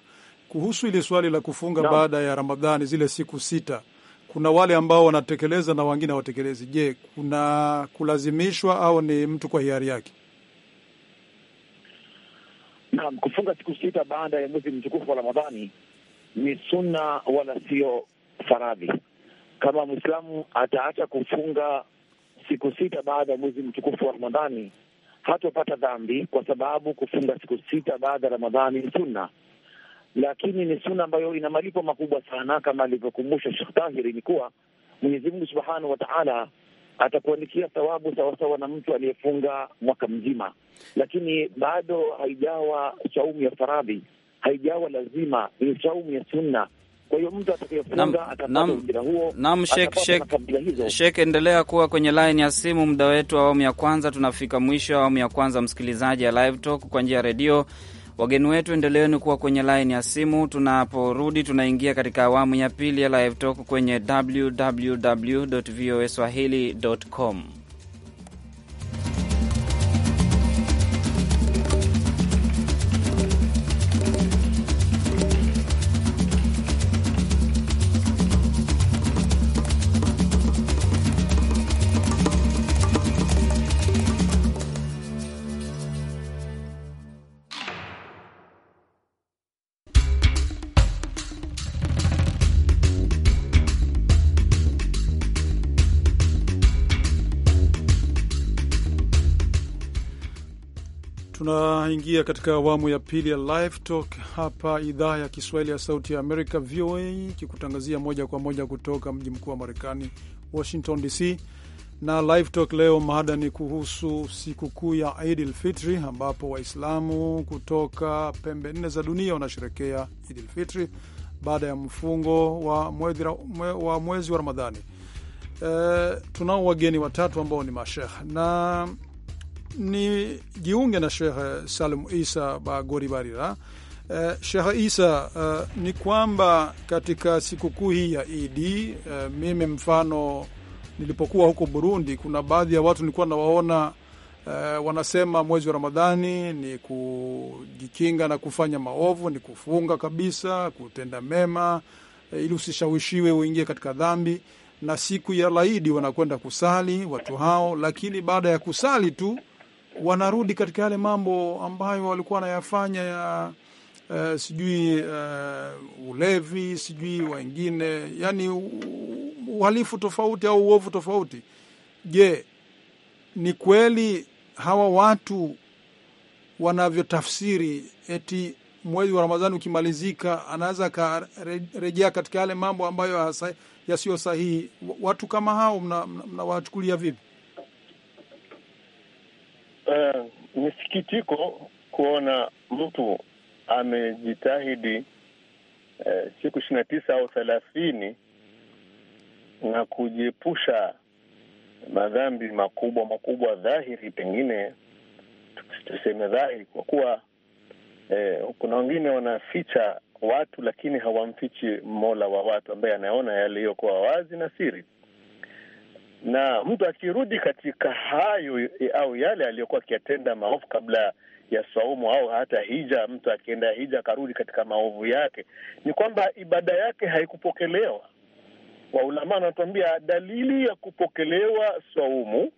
kuhusu hili swali la kufunga no. baada ya Ramadhani zile siku sita, kuna wale ambao wanatekeleza na wengine hawatekelezi. Je, kuna kulazimishwa au ni mtu kwa hiari yake? Naam, kufunga siku sita baada ya mwezi mtukufu wa Ramadhani ni sunna wala sio faradhi kama Mwislamu ataacha kufunga siku sita baada ya mwezi mtukufu wa Ramadhani hatopata dhambi, kwa sababu kufunga siku sita baada ya Ramadhani ni sunna, lakini ni sunna ambayo ina malipo makubwa sana, kama alivyokumbusha Shekh Tahiri ni kuwa Mwenyezi Mungu subhanahu wa taala atakuandikia thawabu sawasawa na mtu aliyefunga mwaka mzima, lakini bado haijawa saumu ya faradhi, haijawa lazima, ni saumu ya sunna. Kwa hiyo mtu atakayefunga atapata mpira huo. Naam, Sheikh, endelea kuwa kwenye line ya simu. Muda wetu wa awamu ya kwanza tunafika mwisho, awamu ya kwanza msikilizaji ya Live Talk kwa njia ya redio. Wageni wetu endeleeni kuwa kwenye line ya simu. Tunaporudi tunaingia katika awamu ya pili ya Live Talk kwenye www voa swahili com. Tunaingia katika awamu ya pili ya Live Talk hapa idhaa ya Kiswahili ya Sauti ya Amerika, VOA, ikikutangazia moja kwa moja kutoka mji mkuu wa Marekani, Washington DC. Na Live Talk leo mada ni kuhusu sikukuu ya Idil Fitri, ambapo Waislamu kutoka pembe nne za dunia wanasherekea Idil Fitri baada ya mfungo wa mwezi wa, wa Ramadhani. E, tunao wageni watatu ambao ni mashekh na ni jiunge na Shehe eh, Salum Isa Bagori Barira. Uh, eh, Shehe Isa, uh, ni kwamba katika sikukuu hii ya Idi, uh, mimi mfano nilipokuwa huko Burundi, kuna baadhi ya watu nilikuwa nawaona uh, wanasema mwezi wa Ramadhani ni kujikinga na kufanya maovu, ni kufunga kabisa, kutenda mema uh, ili usishawishiwe uingie katika dhambi, na siku ya laidi wanakwenda kusali watu hao, lakini baada ya kusali tu wanarudi katika yale mambo ambayo walikuwa wanayafanya ya uh, sijui uh, ulevi sijui wengine, yani uhalifu tofauti au uovu tofauti. Je, ni kweli hawa watu wanavyotafsiri eti mwezi wa Ramadhani ukimalizika anaweza akarejea katika yale mambo ambayo yasiyo sahihi? Watu kama hao mnawachukulia mna, mna vipi? Uh, ni sikitiko kuona mtu amejitahidi uh, siku ishirini na tisa au thelathini na kujiepusha madhambi makubwa makubwa dhahiri, pengine tuseme dhahiri, kwa kuwa eh, kuna wengine wanaficha watu, lakini hawamfichi Mola wa watu ambaye anaona yaliyokuwa wazi na siri na mtu akirudi katika hayo e, au yale aliyokuwa akiyatenda maovu kabla ya saumu au hata hija, mtu akienda hija akarudi katika maovu yake, ni kwamba ibada yake haikupokelewa. waulama wanatuambia dalili ya kupokelewa saumu,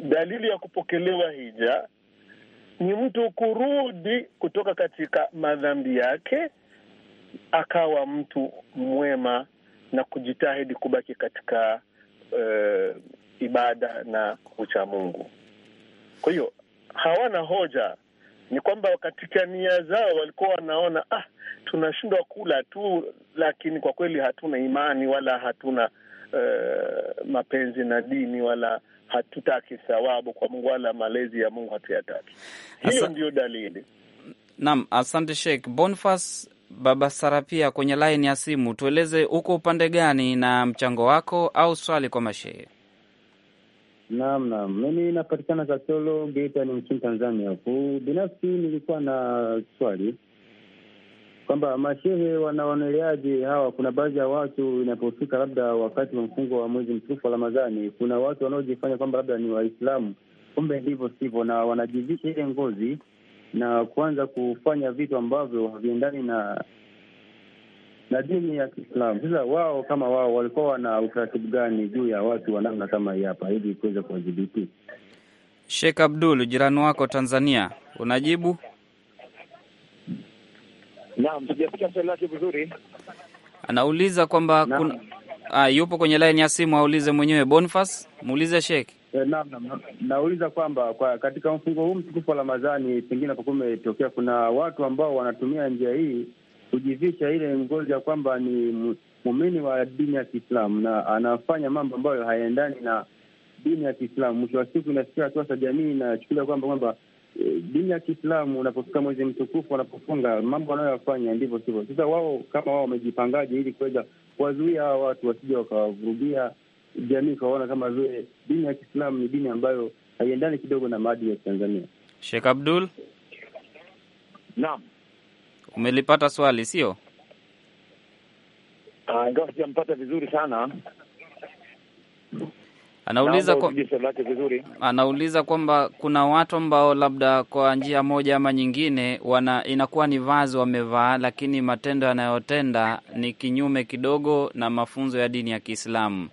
dalili ya kupokelewa hija ni mtu kurudi kutoka katika madhambi yake akawa mtu mwema na kujitahidi kubaki katika uh, ibada na kucha Mungu. Kwa hiyo hawana hoja, ni kwamba katika nia zao walikuwa wanaona ah, tunashindwa kula tu, lakini kwa kweli hatuna imani wala hatuna uh, mapenzi na dini wala hatutaki thawabu kwa Mungu wala malezi ya Mungu hatuyataki. Hiyo ndiyo dalili. Naam, asante Sheikh Bonfas. Baba Sarapia kwenye laini ya simu, tueleze uko upande gani na mchango wako au swali kwa mashehe. Naam, naam, mimi napatikana Kasolo Geita ni nchini Tanzania huku. Binafsi nilikuwa na swali kwamba mashehe wanaoneleaje hawa? Kuna baadhi ya watu inapofika labda wakati wa mfungo wa mwezi mtukufu wa Ramadhani, kuna watu wanaojifanya kwamba labda ni Waislamu, kumbe ndivyo sivyo, na wanajivisha ile ngozi na kuanza kufanya vitu ambavyo haviendani na na dini ya Kiislamu. Sasa wao kama wao walikuwa wana utaratibu gani juu ya watu wa namna kama hii hapa ili kuweza kuwadhibiti? Sheikh Abdul, jirani wako Tanzania, unajibu? Naam, sijasikia swali lake vizuri. Anauliza kwamba kuna... Ah, yupo kwenye line ya simu, aulize mwenyewe. bonifas muulize Sheikh. Eh, naam, naam, nauliza kwamba kwa katika mfungo huu mtukufu wa Ramadhani pengine kwa kumetokea kuna watu ambao wanatumia njia hii kujivisha ile ngozi ya kwamba ni muumini wa dini ya Kiislamu na anafanya mambo ambayo hayaendani na dini ya Kiislamu. Mwisho wa siku inafikia hatua za jamii inachukulia kwamba kwamba e, dini ya Kiislamu unapofika mwezi mtukufu, wanapofunga mambo wanayoyafanya ndivyo sivyo. Sasa wao kama wao wamejipangaje ili kuweza kuwazuia hawa watu wasije wakawavurugia jamii ikaona kama vile dini ya Kiislamu ni dini ambayo haiendani kidogo na maadili ya Tanzania. Sheikh Abdul, naam, umelipata swali sio? Uh, sijampata vizuri sana anauliza kwa... anauliza kwamba kuna watu ambao labda kwa njia moja ama nyingine wana inakuwa ni vazi wamevaa, lakini matendo yanayotenda ni kinyume kidogo na mafunzo ya dini ya Kiislamu.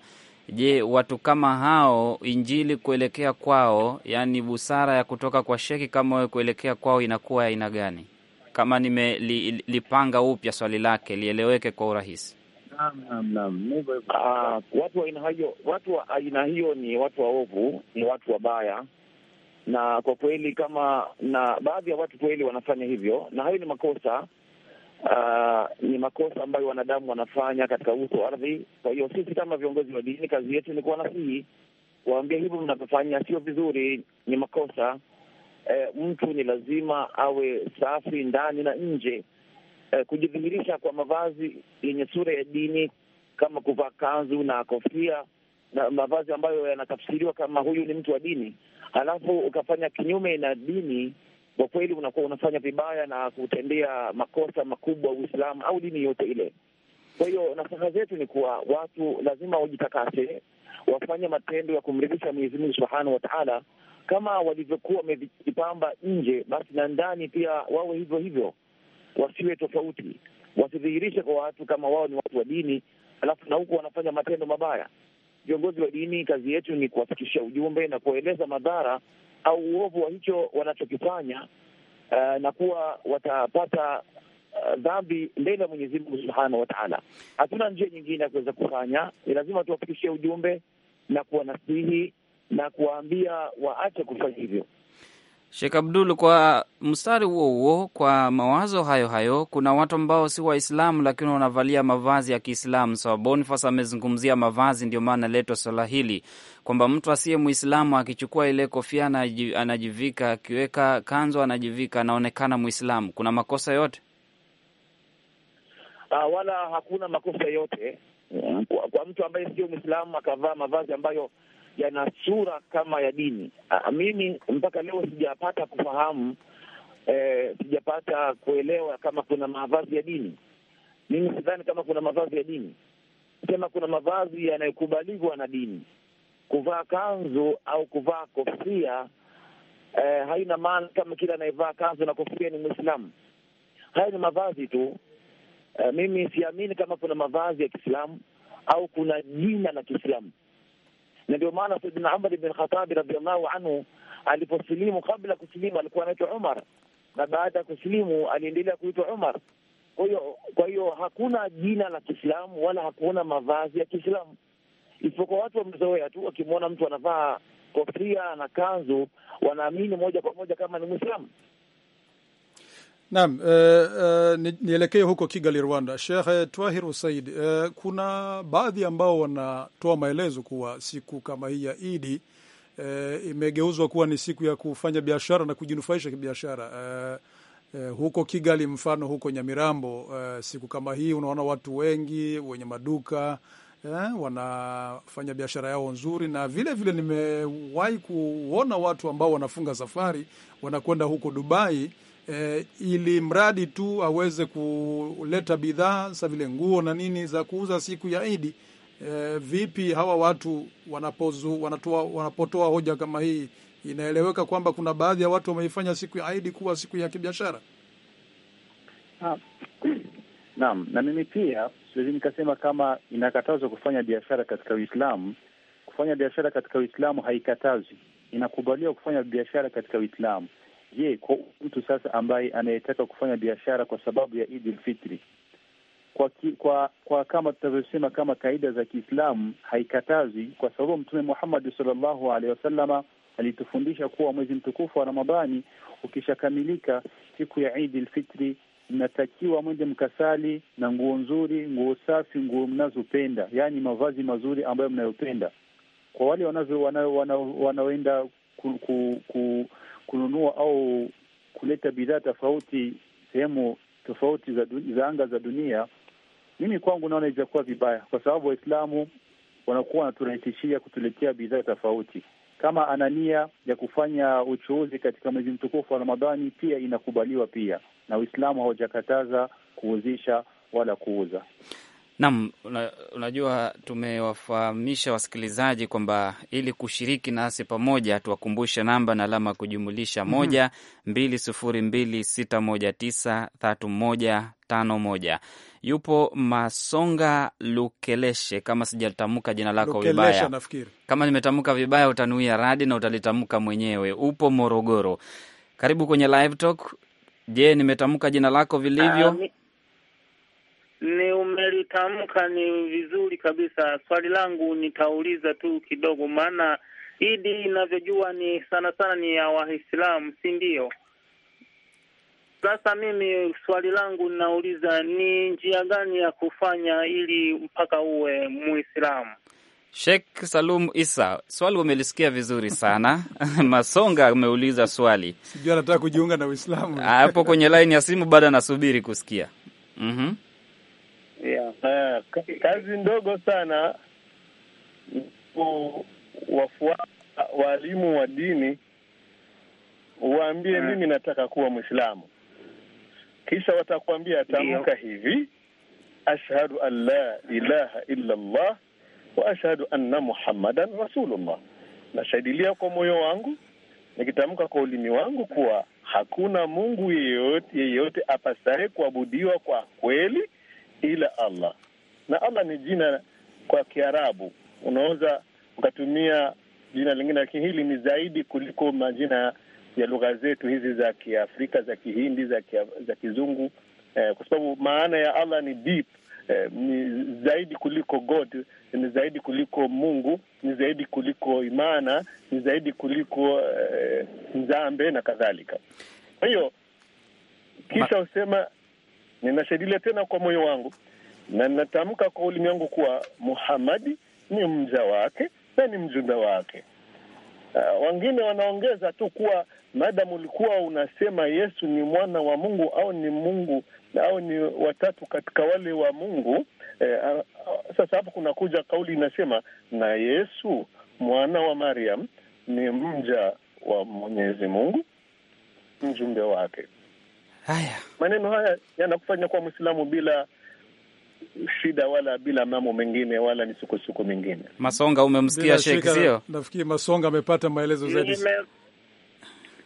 Je, watu kama hao injili kuelekea kwao, yaani busara ya kutoka kwa sheki kama wewe kuelekea kwao inakuwa aina gani? Kama nimelipanga li, upya swali lake lieleweke kwa urahisi. Naam, naam, naam. Uh, watu wa aina hiyo, watu wa aina hiyo ni watu waovu, ni watu wabaya, na kwa kweli kama na baadhi ya watu kweli wanafanya hivyo, na hayo ni makosa uh, ni makosa ambayo wanadamu wanafanya katika uso wa ardhi. Kwa hiyo sisi kama viongozi wa dini, kazi yetu ni kuwanasihi, kuwaambia hivyo mnavyofanya sio vizuri, ni makosa. E, mtu ni lazima awe safi ndani na nje. E, kujidhihirisha kwa mavazi yenye sura ya dini kama kuvaa kanzu na kofia na mavazi ambayo yanatafsiriwa kama huyu ni mtu wa dini, halafu ukafanya kinyume na dini kwa kweli unakuwa unafanya vibaya na kutendea makosa makubwa Uislamu au dini yote ile. Kwa hiyo nasaha zetu ni kuwa watu lazima wajitakase, wafanye matendo ya kumridhisha Mwenyezi Mungu subhanahu wa taala, kama walivyokuwa wamejipamba nje, basi na ndani pia wawe hivyo hivyo, wasiwe tofauti, wasidhihirishe kwa watu kama wao ni watu wa dini, alafu na huku wanafanya matendo mabaya. Viongozi wa dini, kazi yetu ni kuwafikishia ujumbe na kuwaeleza madhara au uovu wa hicho wanachokifanya, uh, na kuwa watapata eh, dhambi uh, mbele ya Mwenyezi Mungu subhanahu wa taala. Hatuna njia nyingine ya kuweza kufanya, ni lazima tuwafikishie ujumbe na kuwanasihi na kuwaambia waache kufanya hivyo. Sheikh Abdul, kwa mstari huo huo, kwa mawazo hayo hayo, kuna watu ambao si Waislamu lakini wanavalia mavazi ya Kiislamu. Sawa, so amezungumzia mavazi, ndio maana letwa swala hili kwamba mtu asiye Mwislamu akichukua ile kofia anajivika, akiweka kanzo anajivika, anaonekana Mwislamu. Kuna makosa yote? Uh, wala hakuna makosa yote kwa, kwa mtu ambaye sio Mwislamu akavaa mavazi ambayo yana sura kama ya dini. Mimi mpaka leo sijapata kufahamu eh, sijapata kuelewa kama kuna mavazi ya dini. Mimi sidhani kama kuna mavazi ya dini, sema kuna mavazi yanayokubaliwa na dini. Kuvaa kanzu au kuvaa kofia eh, haina maana kama kila anayevaa kanzu na kofia ni Mwislamu. haya ni mavazi tu. Eh, mimi siamini kama kuna mavazi ya Kiislamu au kuna jina la Kiislamu na ndio maana Said bin Umar bin Khattab radhiallahu anhu aliposilimu, kabla ya kusilimu alikuwa anaitwa Umar na baada ya kusilimu aliendelea kuitwa Umar. Kwa hiyo kwa hiyo hakuna jina la Kiislamu wala hakuna mavazi ya Kiislamu, isipokuwa watu wamezoea tu, wakimwona mtu anavaa kofia na kanzu wanaamini moja kwa moja kama ni Mwislamu. Naam, uh, uh, nielekee huko Kigali, Rwanda. Sheikh eh, Twahir Usaid, uh, kuna baadhi ambao wanatoa maelezo kuwa siku kama hii ya Idi uh, imegeuzwa kuwa ni siku ya kufanya biashara na kujinufaisha kibiashara uh, uh, huko Kigali, mfano huko Nyamirambo uh, siku kama hii unaona watu wengi wenye maduka eh, wanafanya biashara yao nzuri, na vile vile nimewahi kuona watu ambao wanafunga safari wanakwenda huko Dubai eh, ili mradi tu aweze kuleta bidhaa sasa vile nguo na nini za kuuza siku ya Idi. Eh, vipi hawa watu wanapozu, wanatoa, wanapotoa hoja kama hii, inaeleweka kwamba kuna baadhi ya watu wameifanya siku ya Idi kuwa siku ya kibiashara. Ah. Naam, na mimi pia siwezi nikasema kama inakatazwa kufanya biashara katika Uislamu. Kufanya biashara katika Uislamu haikatazwi, inakubaliwa kufanya biashara katika Uislamu. Je, kwa mtu sasa ambaye anayetaka kufanya biashara kwa sababu ya Idi Fitri, kwa, ki, kwa kwa kama tutavyosema kama kaida za Kiislamu haikatazi, kwa sababu Mtume Muhammad sallallahu alaihi wasallama alitufundisha kuwa mwezi mtukufu wa Ramadhani ukishakamilika siku ya Idi Lfitri mnatakiwa mwende mkasali na nguo nzuri, nguo safi, nguo mnazopenda, yaani mavazi mazuri ambayo mnayopenda. Kwa wale wanaoenda ku, ku, ku, kununua au kuleta bidhaa tofauti sehemu tofauti za, za anga za dunia, mimi kwangu naona itakuwa vibaya, kwa sababu Waislamu wanakuwa wanaturahisishia kutuletea bidhaa tofauti. Kama ana nia ya kufanya uchuuzi katika mwezi mtukufu wa Ramadhani, pia inakubaliwa pia na Uislamu, hawajakataza kuuzisha wala kuuza. Nam, unajua tumewafahamisha wasikilizaji kwamba ili kushiriki nasi pamoja, tuwakumbushe namba na alama ya kujumulisha mhm. moja mbili sufuri mbili sita moja tisa tatu moja tano moja. Yupo Masonga Lukeleshe, kama sijatamka jina lako vibaya, kama nimetamka vibaya utanuia radi na utalitamka mwenyewe. Upo Morogoro, karibu kwenye live talk. Je, nimetamka jina lako vilivyo? um, ni umelitamka ni vizuri kabisa. Swali langu nitauliza tu kidogo, maana Idi inavyojua ni sana sana ni ya Waislamu, si ndio? Sasa mimi swali langu ninauliza ni njia gani ya kufanya ili mpaka uwe Muislamu? Sheikh Salum Isa, swali umelisikia vizuri sana. Masonga ameuliza swali, sijui anataka kujiunga na Uislamu hapo kwenye laini ya simu, bado anasubiri kusikia. mm -hmm yeah. Ah, kazi ndogo sana wafuata waalimu wa dini waambie ah. mimi nataka kuwa Mwislamu, kisha watakuambia tamka hivi, ashhadu an la ilaha illa Allah wa ashhadu anna Muhammadan rasulullah, nashahidilia kwa moyo wangu nikitamka kwa ulimi wangu kuwa hakuna Mungu yeyote yeyote apasaye kuabudiwa kwa kweli ila Allah, na Allah ni jina kwa Kiarabu. Unaweza ukatumia jina lingine, lakini hili ni zaidi kuliko majina ya lugha zetu hizi za Kiafrika, za Kihindi, za kia, za Kizungu eh, kwa sababu maana ya Allah ni deep eh, ni zaidi kuliko God, ni zaidi kuliko Mungu, ni zaidi kuliko imana, ni zaidi kuliko eh, nzambe na kadhalika. Kwa hiyo kisha usema ninashangilia tena kwa moyo wangu na ninatamka kwa ulimi wangu kuwa Muhamadi ni mja wake na ni mjumbe wake. Uh, wengine wanaongeza tu kuwa madam ulikuwa unasema Yesu ni mwana wa Mungu au ni Mungu au ni watatu katika wale wa Mungu eh, ah, ah, sasa hapo kunakuja kauli inasema na Yesu mwana wa Mariam ni mja wa Mwenyezi Mungu, mjumbe wake. Haya maneno haya yanakufanya kuwa Mwislamu bila shida wala bila mambo mengine wala misukosuko mingine. Masonga, umemsikia Sheikh? Sio, nafikiri Masonga amepata maelezo zaidi.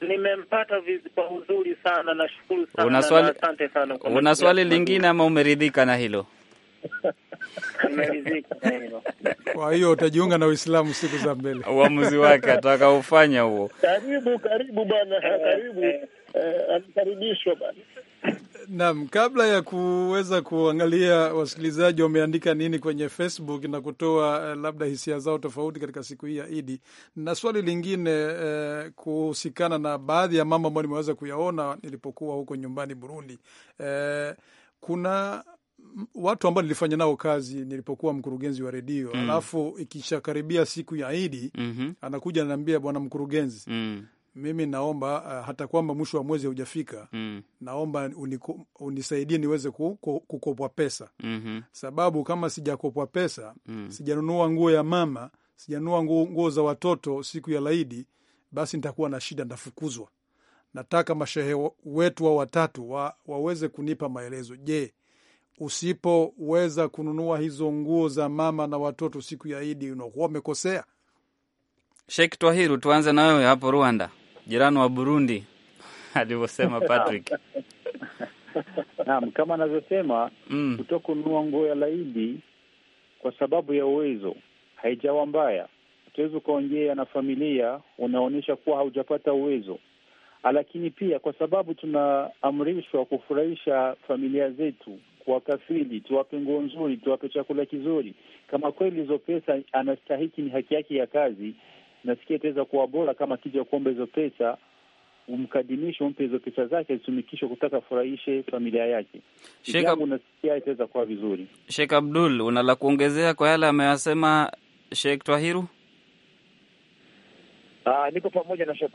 Nimempata kwa uzuri sana, nashukuru sana. Una swali, asante sana Una swali lingine ama umeridhika na hilo? Kwa hiyo utajiunga na Uislamu siku za mbele. Uamuzi wake atakaufanya huo. Karibu, karibu bwana, karibu eh, eh, eh, alikaribishwa bana. Naam, kabla ya kuweza kuangalia wasikilizaji wameandika nini kwenye Facebook na kutoa eh, labda hisia zao tofauti katika siku hii ya Idi, na swali lingine eh, kuhusikana na baadhi ya mambo ambayo nimeweza kuyaona nilipokuwa huko nyumbani Burundi. eh, kuna watu ambao nilifanya nao kazi nilipokuwa mkurugenzi wa redio mm. Alafu ikishakaribia siku ya Idi mm -hmm. anakuja ananiambia, bwana mkurugenzi mm mimi naomba uh, hata kwamba mwisho wa mwezi haujafika mm. naomba uniku, unisaidie niweze kukopwa pesa mm -hmm. sababu kama sijakopwa pesa mm. sijanunua nguo ya mama, sijanunua nguo za watoto siku ya laidi, basi nitakuwa na shida, ntafukuzwa. Nataka mashehe wetu wa watatu wa, waweze kunipa maelezo. Je, usipoweza kununua hizo nguo za mama na watoto siku ya Idi unakuwa umekosea? Sheikh Twahiru, tuanze na wewe hapo Rwanda jirani wa Burundi alivyosema Patrick. Naam, kama anavyosema mm, kutokununua nguo ya laidi kwa sababu ya uwezo haijawa mbaya. Utaweza ukaongea na familia, unaonyesha kuwa haujapata uwezo, lakini pia kwa sababu tunaamrishwa kufurahisha familia zetu, kuwakafili, tuwape nguo nzuri, tuwape chakula kizuri. Kama kweli hizo pesa anastahiki, ni haki yake ya kazi, nasikia itaweza kuwa bora kama akija kuomba hizo pesa umkadimishe umpe hizo pesa zake azitumikishwe kutaka afurahishe familia yake. Sheikh, nasikia itaweza kuwa vizuri. Sheikh Abdul, una la kuongezea kwa yale ameyasema Sheikh Twahiru? Aa, ah, niko pamoja na Sheikh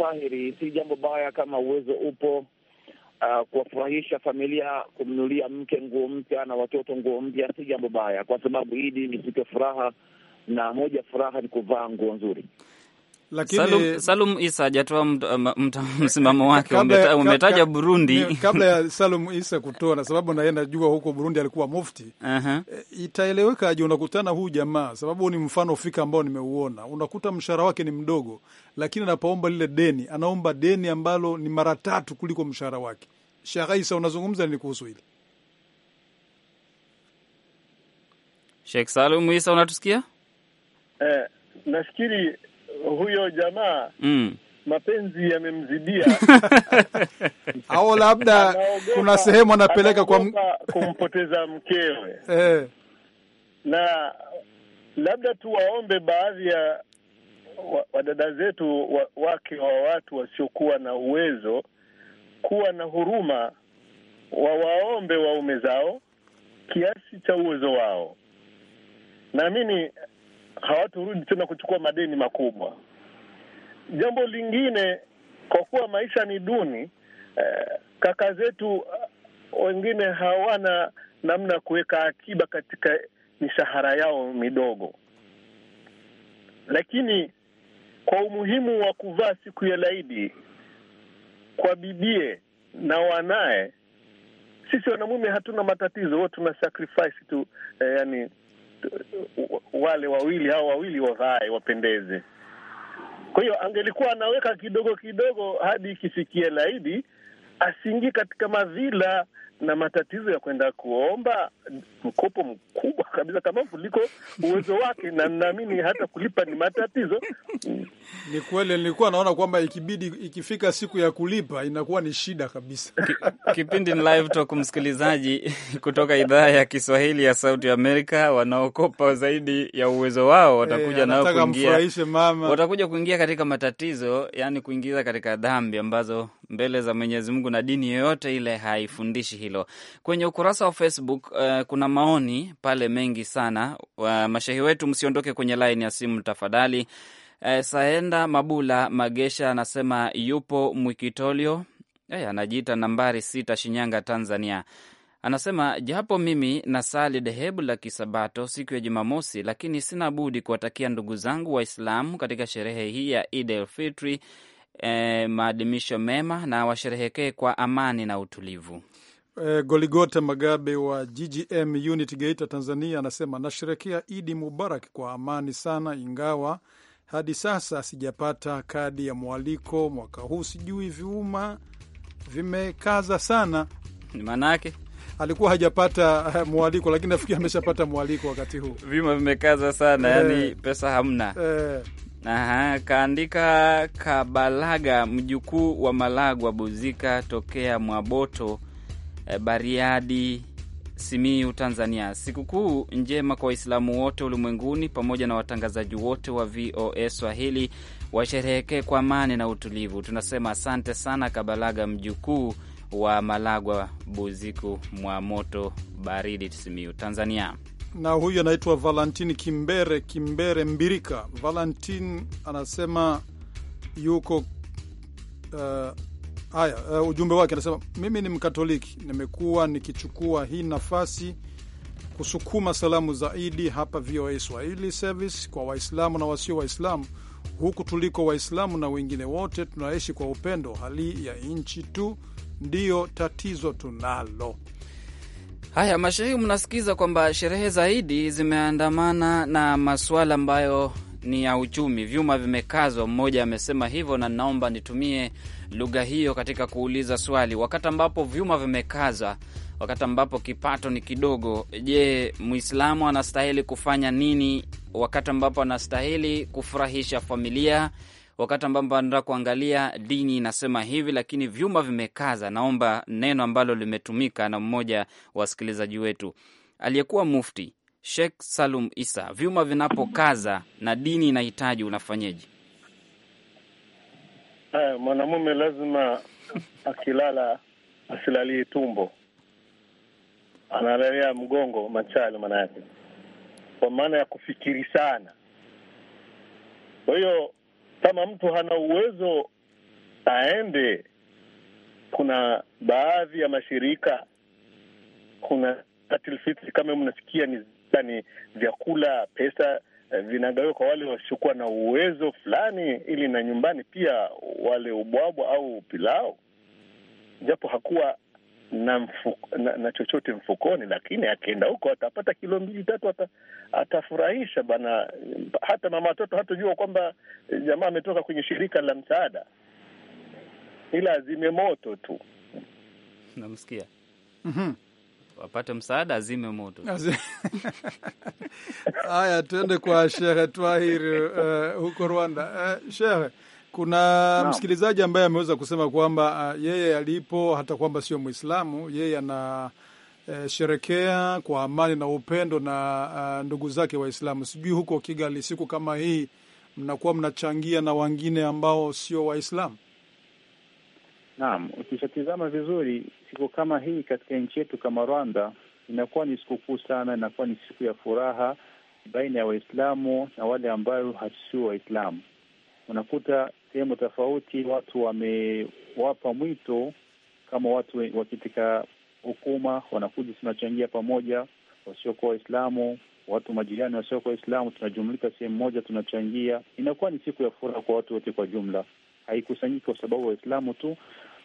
Si jambo baya kama uwezo upo, uh, kuwafurahisha familia, kumnulia mke nguo mpya na watoto nguo mpya, si jambo baya, kwa sababu Idi ni siku ya furaha, na moja furaha ni kuvaa nguo nzuri. Lakini, Salum, Salum Isa hajatoa msimamo wake. Umetaja Burundi kabla ya Salum Isa kutoa, na sababu naye najua huko Burundi alikuwa mufti uh -huh. E, Itaeleweka aje Unakutana huu jamaa, sababu ni mfano fika ambao nimeuona, unakuta mshahara wake ni mdogo, lakini anapoomba lile deni anaomba deni ambalo ni mara tatu kuliko mshahara wake. Sheikh Isa, unazungumza nini kuhusu hili? Sheikh Salum Isa, unatusikia? Eh, nafikiri huyo jamaa mm. mapenzi yamemzidia au labda kuna sehemu anapeleka kwa kumpoteza mkewe eh. na labda tuwaombe baadhi ya wadada zetu wa, wake wa watu wasiokuwa na uwezo kuwa na huruma, wawaombe waume zao kiasi cha uwezo wao. Naamini hawaturudi tena kuchukua madeni makubwa. Jambo lingine, kwa kuwa maisha ni duni, eh, kaka zetu eh, wengine hawana namna ya kuweka akiba katika mishahara yao midogo, lakini kwa umuhimu wa kuvaa siku ya laidi kwa bibie na wanaye, sisi wanamume hatuna matatizo, huwa tuna sacrifice tu eh, yani wale wawili hao wawili wavae wapendeze. Kwa hiyo angelikuwa anaweka kidogo kidogo hadi ikifikia laidi, asiingie katika madhila na matatizo ya kwenda kuomba mkopo mkubwa kabisa kama kuliko uwezo wake, na naamini hata kulipa ni matatizo. Ni kweli, nilikuwa naona kwamba ikibidi ikifika siku ya kulipa inakuwa ni shida kabisa. Kipindi ni Live Talk, msikilizaji kutoka idhaa ya Kiswahili ya Sauti Amerika. Wanaokopa zaidi ya uwezo wao watakuja hey, eh, nao kuingia, mama watakuja kuingia katika matatizo, yani kuingiza katika dhambi ambazo mbele za Mwenyezi Mungu na dini yoyote ile haifundishi hilo. Kwenye ukurasa wa Facebook uh, kuna maoni pale mengi sana. Uh, eh, mashehi wetu, msiondoke kwenye laini ya simu tafadhali. Uh, Saenda Mabula Magesha anasema yupo Mwikitolio, hey, anajiita nambari sita, Shinyanga, Tanzania. Anasema japo mimi nasali dhehebu la Kisabato siku ya Jumamosi, lakini sina budi kuwatakia ndugu zangu Waislamu katika sherehe hii ya Eid el Fitri eh, maadhimisho mema na washerehekee kwa amani na utulivu. E, eh, Goligote Magabe wa GGM Unit Geita, Tanzania anasema nasherekea Idi Mubarak kwa amani sana, ingawa hadi sasa sijapata kadi ya mwaliko mwaka huu. Sijui vyuma vimekaza sana, maanayake alikuwa hajapata eh, mwaliko, lakini nafikiri ameshapata mwaliko wakati huu. Vyuma vimekaza sana, eh. yani pesa hamna. E. Aha, kaandika Kabalaga, mjukuu wa Malagwa Buzika, tokea Mwaboto Eh, Bariadi, Simiu, Tanzania. Sikukuu njema kwa Waislamu wote ulimwenguni pamoja na watangazaji wote wa VOA Swahili, washerehekee kwa amani na utulivu. Tunasema asante sana Kabalaga, mjukuu wa Malagwa Buziku mwa moto baridi, Simiu, Tanzania. Na huyu anaitwa Valentin Kimbere Kimbere Mbirika. Valentin anasema yuko uh, Haya, uh, ujumbe wake anasema, mimi ni Mkatoliki, nimekuwa nikichukua hii nafasi kusukuma salamu zaidi hapa VOA Swahili Service kwa Waislamu na wasio Waislamu huku tuliko Waislamu na wengine wote tunaishi kwa upendo. Hali ya nchi tu ndiyo tatizo tunalo. Haya, mashehi, mnasikiza kwamba sherehe zaidi zimeandamana na masuala ambayo ni ya uchumi, vyuma vimekazwa. Mmoja amesema hivyo, na naomba nitumie lugha hiyo katika kuuliza swali, wakati ambapo vyuma vimekaza, wakati ambapo kipato ni kidogo, je, Muislamu anastahili kufanya nini? Wakati ambapo anastahili kufurahisha familia, wakati ambapo anataka kuangalia dini inasema hivi, lakini vyuma vimekaza. Naomba neno ambalo limetumika na mmoja wa wasikilizaji wetu aliyekuwa mufti Sheikh Salum Isa, vyuma vinapokaza na dini inahitaji, unafanyeje? mwanamume lazima akilala asilalie tumbo, analalia mgongo, machali maana yake, kwa maana ya kufikiri sana. Kwa hiyo kama mtu hana uwezo aende, kuna baadhi ya mashirika, kuna kama mnasikia ni ni vyakula pesa Eh, vinagawiwa kwa wale wasiokuwa na uwezo fulani, ili na nyumbani pia wale ubwabwa au pilau, japo hakuwa na, mfuko, na, na chochote mfukoni, lakini akienda huko atapata kilo mbili tatu, ata, atafurahisha bana. Hata mama watoto hatojua kwamba eh, jamaa ametoka kwenye shirika la msaada, ila azime moto tu. Namsikia. mm -hmm wapate msaada, azime moto. Haya, tuende kwa Shehe Twahir uh, huko Rwanda. Uh, Shehe, kuna no. msikilizaji ambaye ameweza kusema kwamba uh, yeye alipo hata kwamba sio Mwislamu, yeye ana uh, sherekea kwa amani na upendo na uh, ndugu zake Waislamu. Sijui huko Kigali siku kama hii mnakuwa mnachangia na wengine ambao sio Waislamu? Naam, ukishatizama vizuri, siku kama hii katika nchi yetu kama Rwanda inakuwa ni sikukuu sana, inakuwa ni siku ya furaha baina ya Waislamu na wale ambayo hasio Waislamu. Unakuta sehemu tofauti watu wamewapa mwito kama watu wakitika hukuma wanakuja, tunachangia pamoja, wasiokuwa Waislamu, watu majirani wasiokuwa Waislamu, tunajumlika sehemu moja, tunachangia. Inakuwa ni siku ya furaha kwa watu wote kwa jumla haikusanyiki kwa sababu Waislamu tu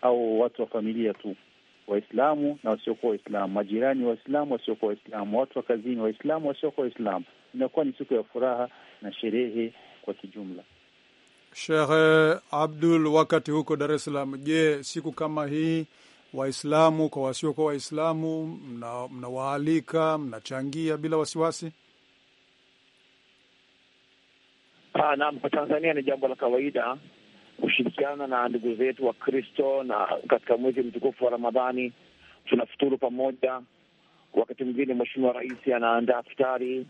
au watu wa familia tu, Waislamu na wasiokuwa Waislamu, majirani Waislamu, wasiokuwa Waislamu, watu wa kazini Waislamu, wasiokuwa Waislamu. Inakuwa ni siku ya furaha na sherehe kwa kijumla. shekhe Abdul, wakati huko Dar es Salaam, je, siku kama hii Waislamu kwa wasiokuwa Waislamu mnawaalika, mna mnachangia bila wasiwasi? Ah, naam, kwa Tanzania ni jambo la kawaida kushirikiana na ndugu zetu wa Kristo, na katika mwezi mtukufu wa Ramadhani tunafuturu pamoja. Wakati mwingine Mheshimiwa Rais anaandaa futari,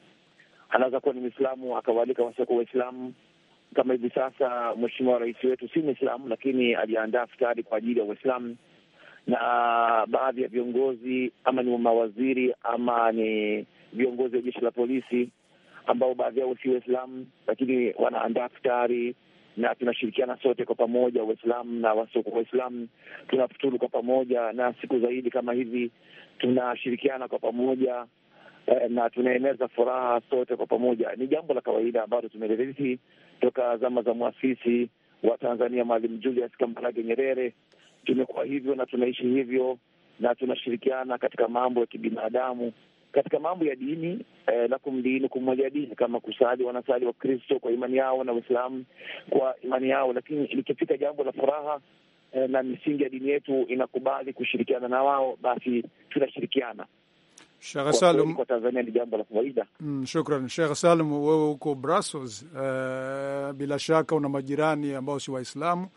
anaweza kuwa ni Mwislamu akawaalika wasoko Waislamu. Kama hivi sasa Mheshimiwa Rais wetu si Mwislamu, lakini aliandaa futari kwa ajili ya Waislamu na baadhi ya viongozi ama ni mawaziri ama ni viongozi wa jeshi la polisi ambao baadhi yao si Waislamu, lakini wanaandaa futari na tunashirikiana sote kwa pamoja, Waislamu na wasiokuwa Waislamu, tunafuturu kwa pamoja, na siku zaidi kama hivi tunashirikiana kwa pamoja eh, na tunaeneza furaha sote kwa pamoja. Ni jambo la kawaida ambalo tumelirithi toka zama za mwasisi wa Tanzania Mwalimu Julius Kambarage Nyerere. Tumekuwa hivyo na tunaishi hivyo na tunashirikiana katika mambo ya kibinadamu katika mambo ya dini eh, lakum dinukum walia dini, kama kusali, wanasali Wakristo kwa imani yao na Waislamu kwa imani yao, lakini ikifika jambo la furaha eh, na misingi ya dini yetu inakubali kushirikiana na wao, basi tunashirikiana. Sheikh Salum kwa Tanzania ni jambo la kawaida. Mm, shukran Sheikh Salum, wewe huko Brussels, uh, bila shaka una majirani ambao si Waislamu.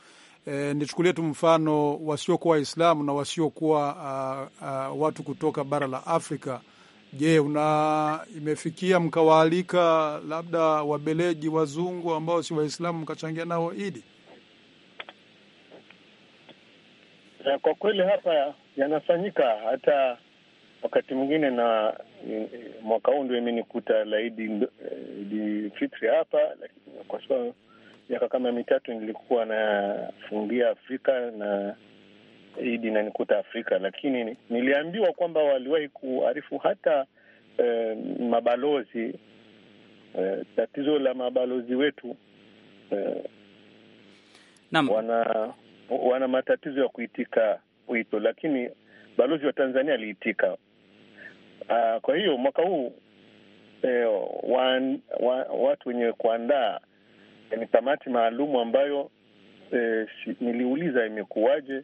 E, nichukulie tu mfano wasiokuwa Waislamu na wasiokuwa uh, uh, watu kutoka bara la Afrika Je, una imefikia mkawaalika labda wabeleji wazungu ambao si Waislamu mkachangia nao Idi? Eh, kwa kweli hapa yanafanyika, hata wakati mwingine na mwaka huu ndio imenikuta la Idi, eh, Idi Fitri hapa, lakini kwa sababu miaka kama mitatu nilikuwa nafungia Afrika na idi inanikuta Afrika, lakini niliambiwa kwamba waliwahi kuarifu hata eh, mabalozi eh, tatizo la mabalozi wetu eh, wana wana matatizo ya kuitika wito, lakini balozi wa Tanzania aliitika. Uh, kwa hiyo mwaka huu eh, wan, wa, watu wenye kuandaa eh, ni kamati maalumu ambayo eh, si, niliuliza imekuwaje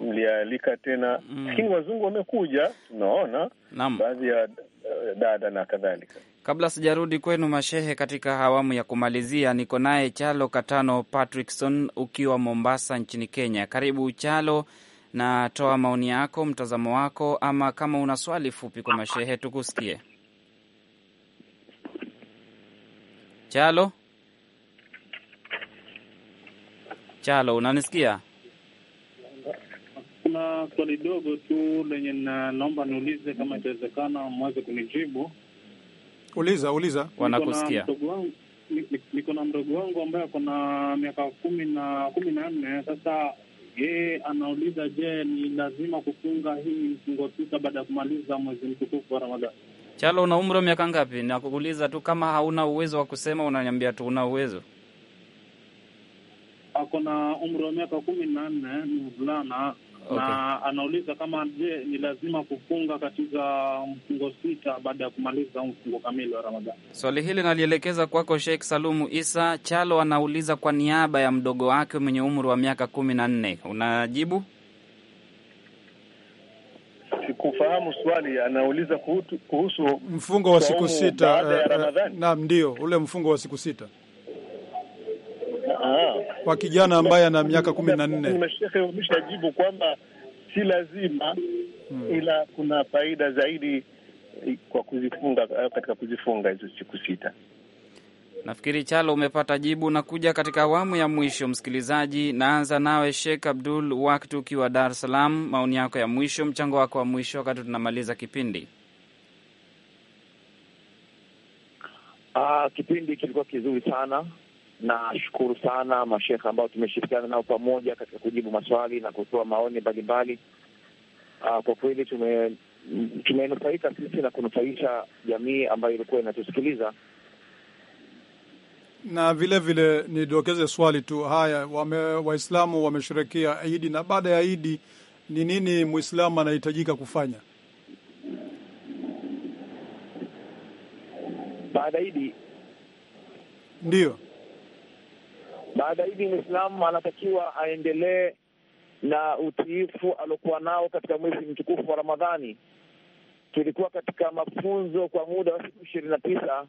mlialika tena, mm. lakini wazungu wamekuja, tunaona baadhi ya eh, dada na kadhalika. Kabla sijarudi kwenu mashehe, katika awamu ya kumalizia, niko naye Chalo Katano Patrickson ukiwa Mombasa nchini Kenya. Karibu Chalo, na toa maoni yako, mtazamo wako, ama kama una swali fupi kwa mashehe tukusikie. Chalo, Chalo, unanisikia? kuna swali dogo tu lenye naomba niulize, kama itawezekana mweze kunijibu. Uliza, uliza, wanakusikia. Niko na mdogo wangu ambaye ako na miaka kumi na kumi na nne sasa yeye anauliza, je, ni lazima kufunga hii mfungo tisa baada ya kumaliza mwezi mtukufu wa Ramadhani? Chalo, una umri wa miaka ngapi? Nakuuliza tu, kama hauna uwezo wa kusema unaniambia tu una uwezo. Ako na umri wa miaka kumi na nne, ni mvulana okay. Na anauliza kama je, ni lazima kufunga katika mfungo sita baada ya kumaliza mfungo kamili wa Ramadhani. Swali hili nalielekeza kwako Sheikh Salumu Isa Chalo, anauliza kwa niaba ya mdogo wake mwenye umri wa miaka kumi na nne, unajibu? Sikufahamu swali. Anauliza kuhusu mfungo wa siku sita. Eh, eh, naam, ndio ule mfungo wa siku sita. Ah. kwa kijana ambaye ana miaka kumi na nne. Nimeshaka umeshajibu kwamba si lazima hmm, ila kuna faida zaidi eh, kwa kuzifunga eh, katika kuzifunga hizo siku sita. Nafikiri Chalo umepata jibu na kuja katika awamu ya mwisho. Msikilizaji, naanza nawe Sheikh Abdul waktu ukiwa Dar es Salaam, maoni yako ya mwisho, mchango wako wa mwisho wakati tunamaliza kipindi. Aa, ah, kipindi kilikuwa kizuri sana Nashukuru sana mashekhe ambao tumeshirikiana nao pamoja katika kujibu maswali na kutoa maoni mbalimbali. Ah, kwa kweli tume tumenufaika sisi na kunufaisha jamii ambayo ilikuwa inatusikiliza. Na vile vile nidokeze swali tu, haya Waislamu wamesherekea Idi na baada ya Idi ni nini Mwislamu anahitajika kufanya baada ya Idi? Ndiyo. Baada hivi Mwislamu anatakiwa aendelee na utiifu aliokuwa nao katika mwezi mtukufu wa Ramadhani. Tulikuwa katika mafunzo kwa muda wa siku ishirini na tisa.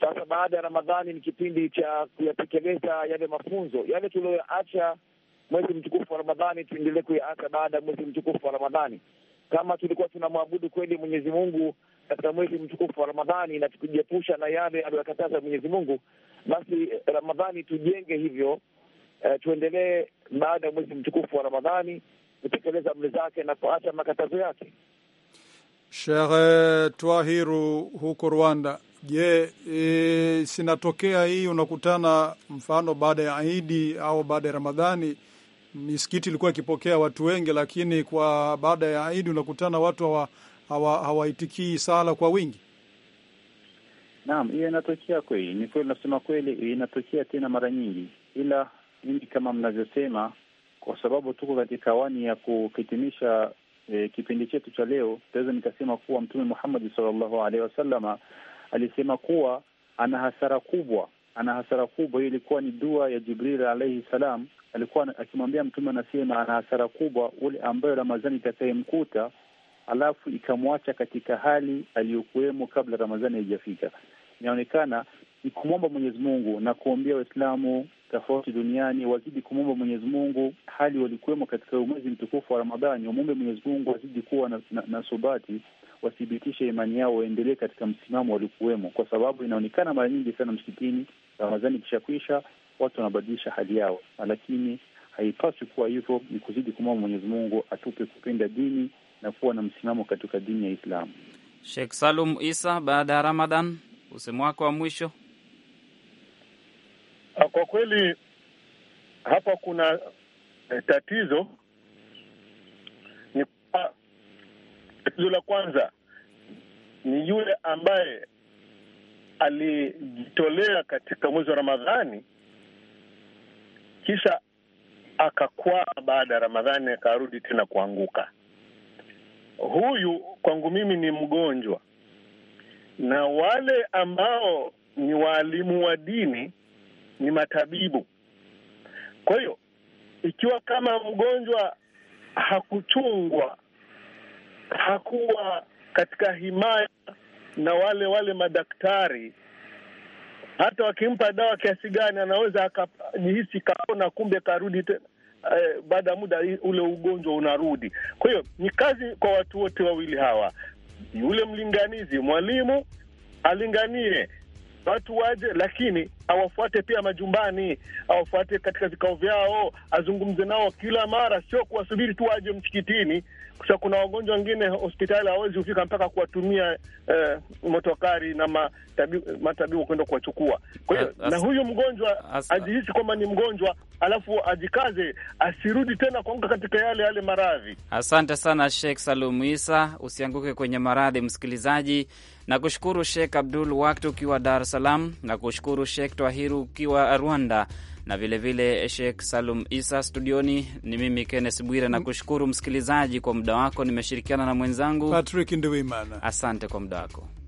Sasa baada ya Ramadhani ni kipindi cha kuyatekeleza yale mafunzo yale tuliyoyaacha mwezi mtukufu wa Ramadhani, tuendelee kuyaacha baada ya mwezi mtukufu wa Ramadhani kama tulikuwa tunamwabudu kweli Mwenyezi Mungu katika mwezi mtukufu wa Ramadhani na tukijiepusha na yale aliyokataza Mwenyezi Mungu, basi Ramadhani tujenge hivyo. eh, tuendelee baada ya mwezi mtukufu wa Ramadhani kutekeleza amri zake na kuacha makatazo yake. Sheikh eh, Twahiru huko Rwanda, je, e, sinatokea hii unakutana mfano baada ya Idi au baada ya Ramadhani misikiti ilikuwa ikipokea watu wengi, lakini kwa baada ya Idi unakutana watu hawaitikii hawa, hawa sala kwa wingi. Naam, hiyo inatokea kweli, ni kweli, nasema kweli, inatokea tena mara nyingi, ila mimi kama mnavyosema, kwa sababu tuko katika awani ya kuhitimisha eh, kipindi chetu cha leo, naweza nikasema kuwa Mtume Muhammad sallallahu alaihi wasallama alisema kuwa ana hasara kubwa, ana hasara kubwa. Hiyo ilikuwa ni dua ya Jibril alaihi salam alikuwa akimwambia Mtume anasema ana hasara kubwa ule ambayo Ramadhani itakayemkuta alafu ikamwacha katika hali aliyokuwemo kabla Ramadhani haijafika. Inaonekana ni kumwomba Mwenyezi Mungu na kuombea Waislamu tofauti duniani wazidi kumwomba Mwenyezi Mungu hali walikuwemo katika mwezi mtukufu wa Ramadhani. Wamwombe Mwenyezi Mungu wazidi kuwa na, na, na subati, wathibitishe imani yao, waendelee katika msimamo walikuwemo, kwa sababu inaonekana mara nyingi sana msikitini Ramadhani ikishakwisha watu wanabadilisha hali yao, lakini haipaswi kuwa hivyo. Ni kuzidi kumwomba Mwenyezi Mungu atupe kupenda dini na kuwa na msimamo katika dini ya Islamu. Sheikh Salum Isa, baada ya ramadan usemu wako wa mwisho. Ah, kwa kweli hapa kuna eh, tatizo ni kwa, tatizo la kwanza ni yule ambaye alijitolea katika mwezi wa Ramadhani kisha akakwaa baada ya Ramadhani akarudi tena kuanguka. Huyu kwangu mimi ni mgonjwa, na wale ambao ni waalimu wa dini ni matabibu. Kwa hiyo ikiwa kama mgonjwa hakuchungwa, hakuwa katika himaya na wale wale madaktari hata wakimpa dawa kiasi gani anaweza akajihisi kaona kumbe karudi tena eh, baada ya muda ule ugonjwa unarudi. Kwa hiyo ni kazi kwa watu wote wawili hawa, yule mlinganizi, mwalimu alinganie watu waje, lakini awafuate pia majumbani, awafuate katika vikao vyao, azungumze nao kila mara, sio kuwasubiri tu waje msikitini kwa kuna wagonjwa wengine hospitali hawezi kufika mpaka kuwatumia eh, motokari na matabibu, matabibu kwenda kuwachukua. Kwa hiyo na huyu mgonjwa ajihisi kwamba ni mgonjwa, alafu ajikaze asirudi tena kuanguka katika yale yale maradhi. Asante sana Sheikh Salum Isa, usianguke kwenye maradhi msikilizaji. Nakushukuru Sheikh Abdul wakt ukiwa Dar es Salaam, nakushukuru Sheikh Twahiru ukiwa Rwanda na vilevile vile Sheikh Salum Isa studioni. Ni mimi kennes Bwire na kushukuru msikilizaji kwa muda wako. Nimeshirikiana na mwenzangu Patrick Ndwimana. Asante kwa muda wako.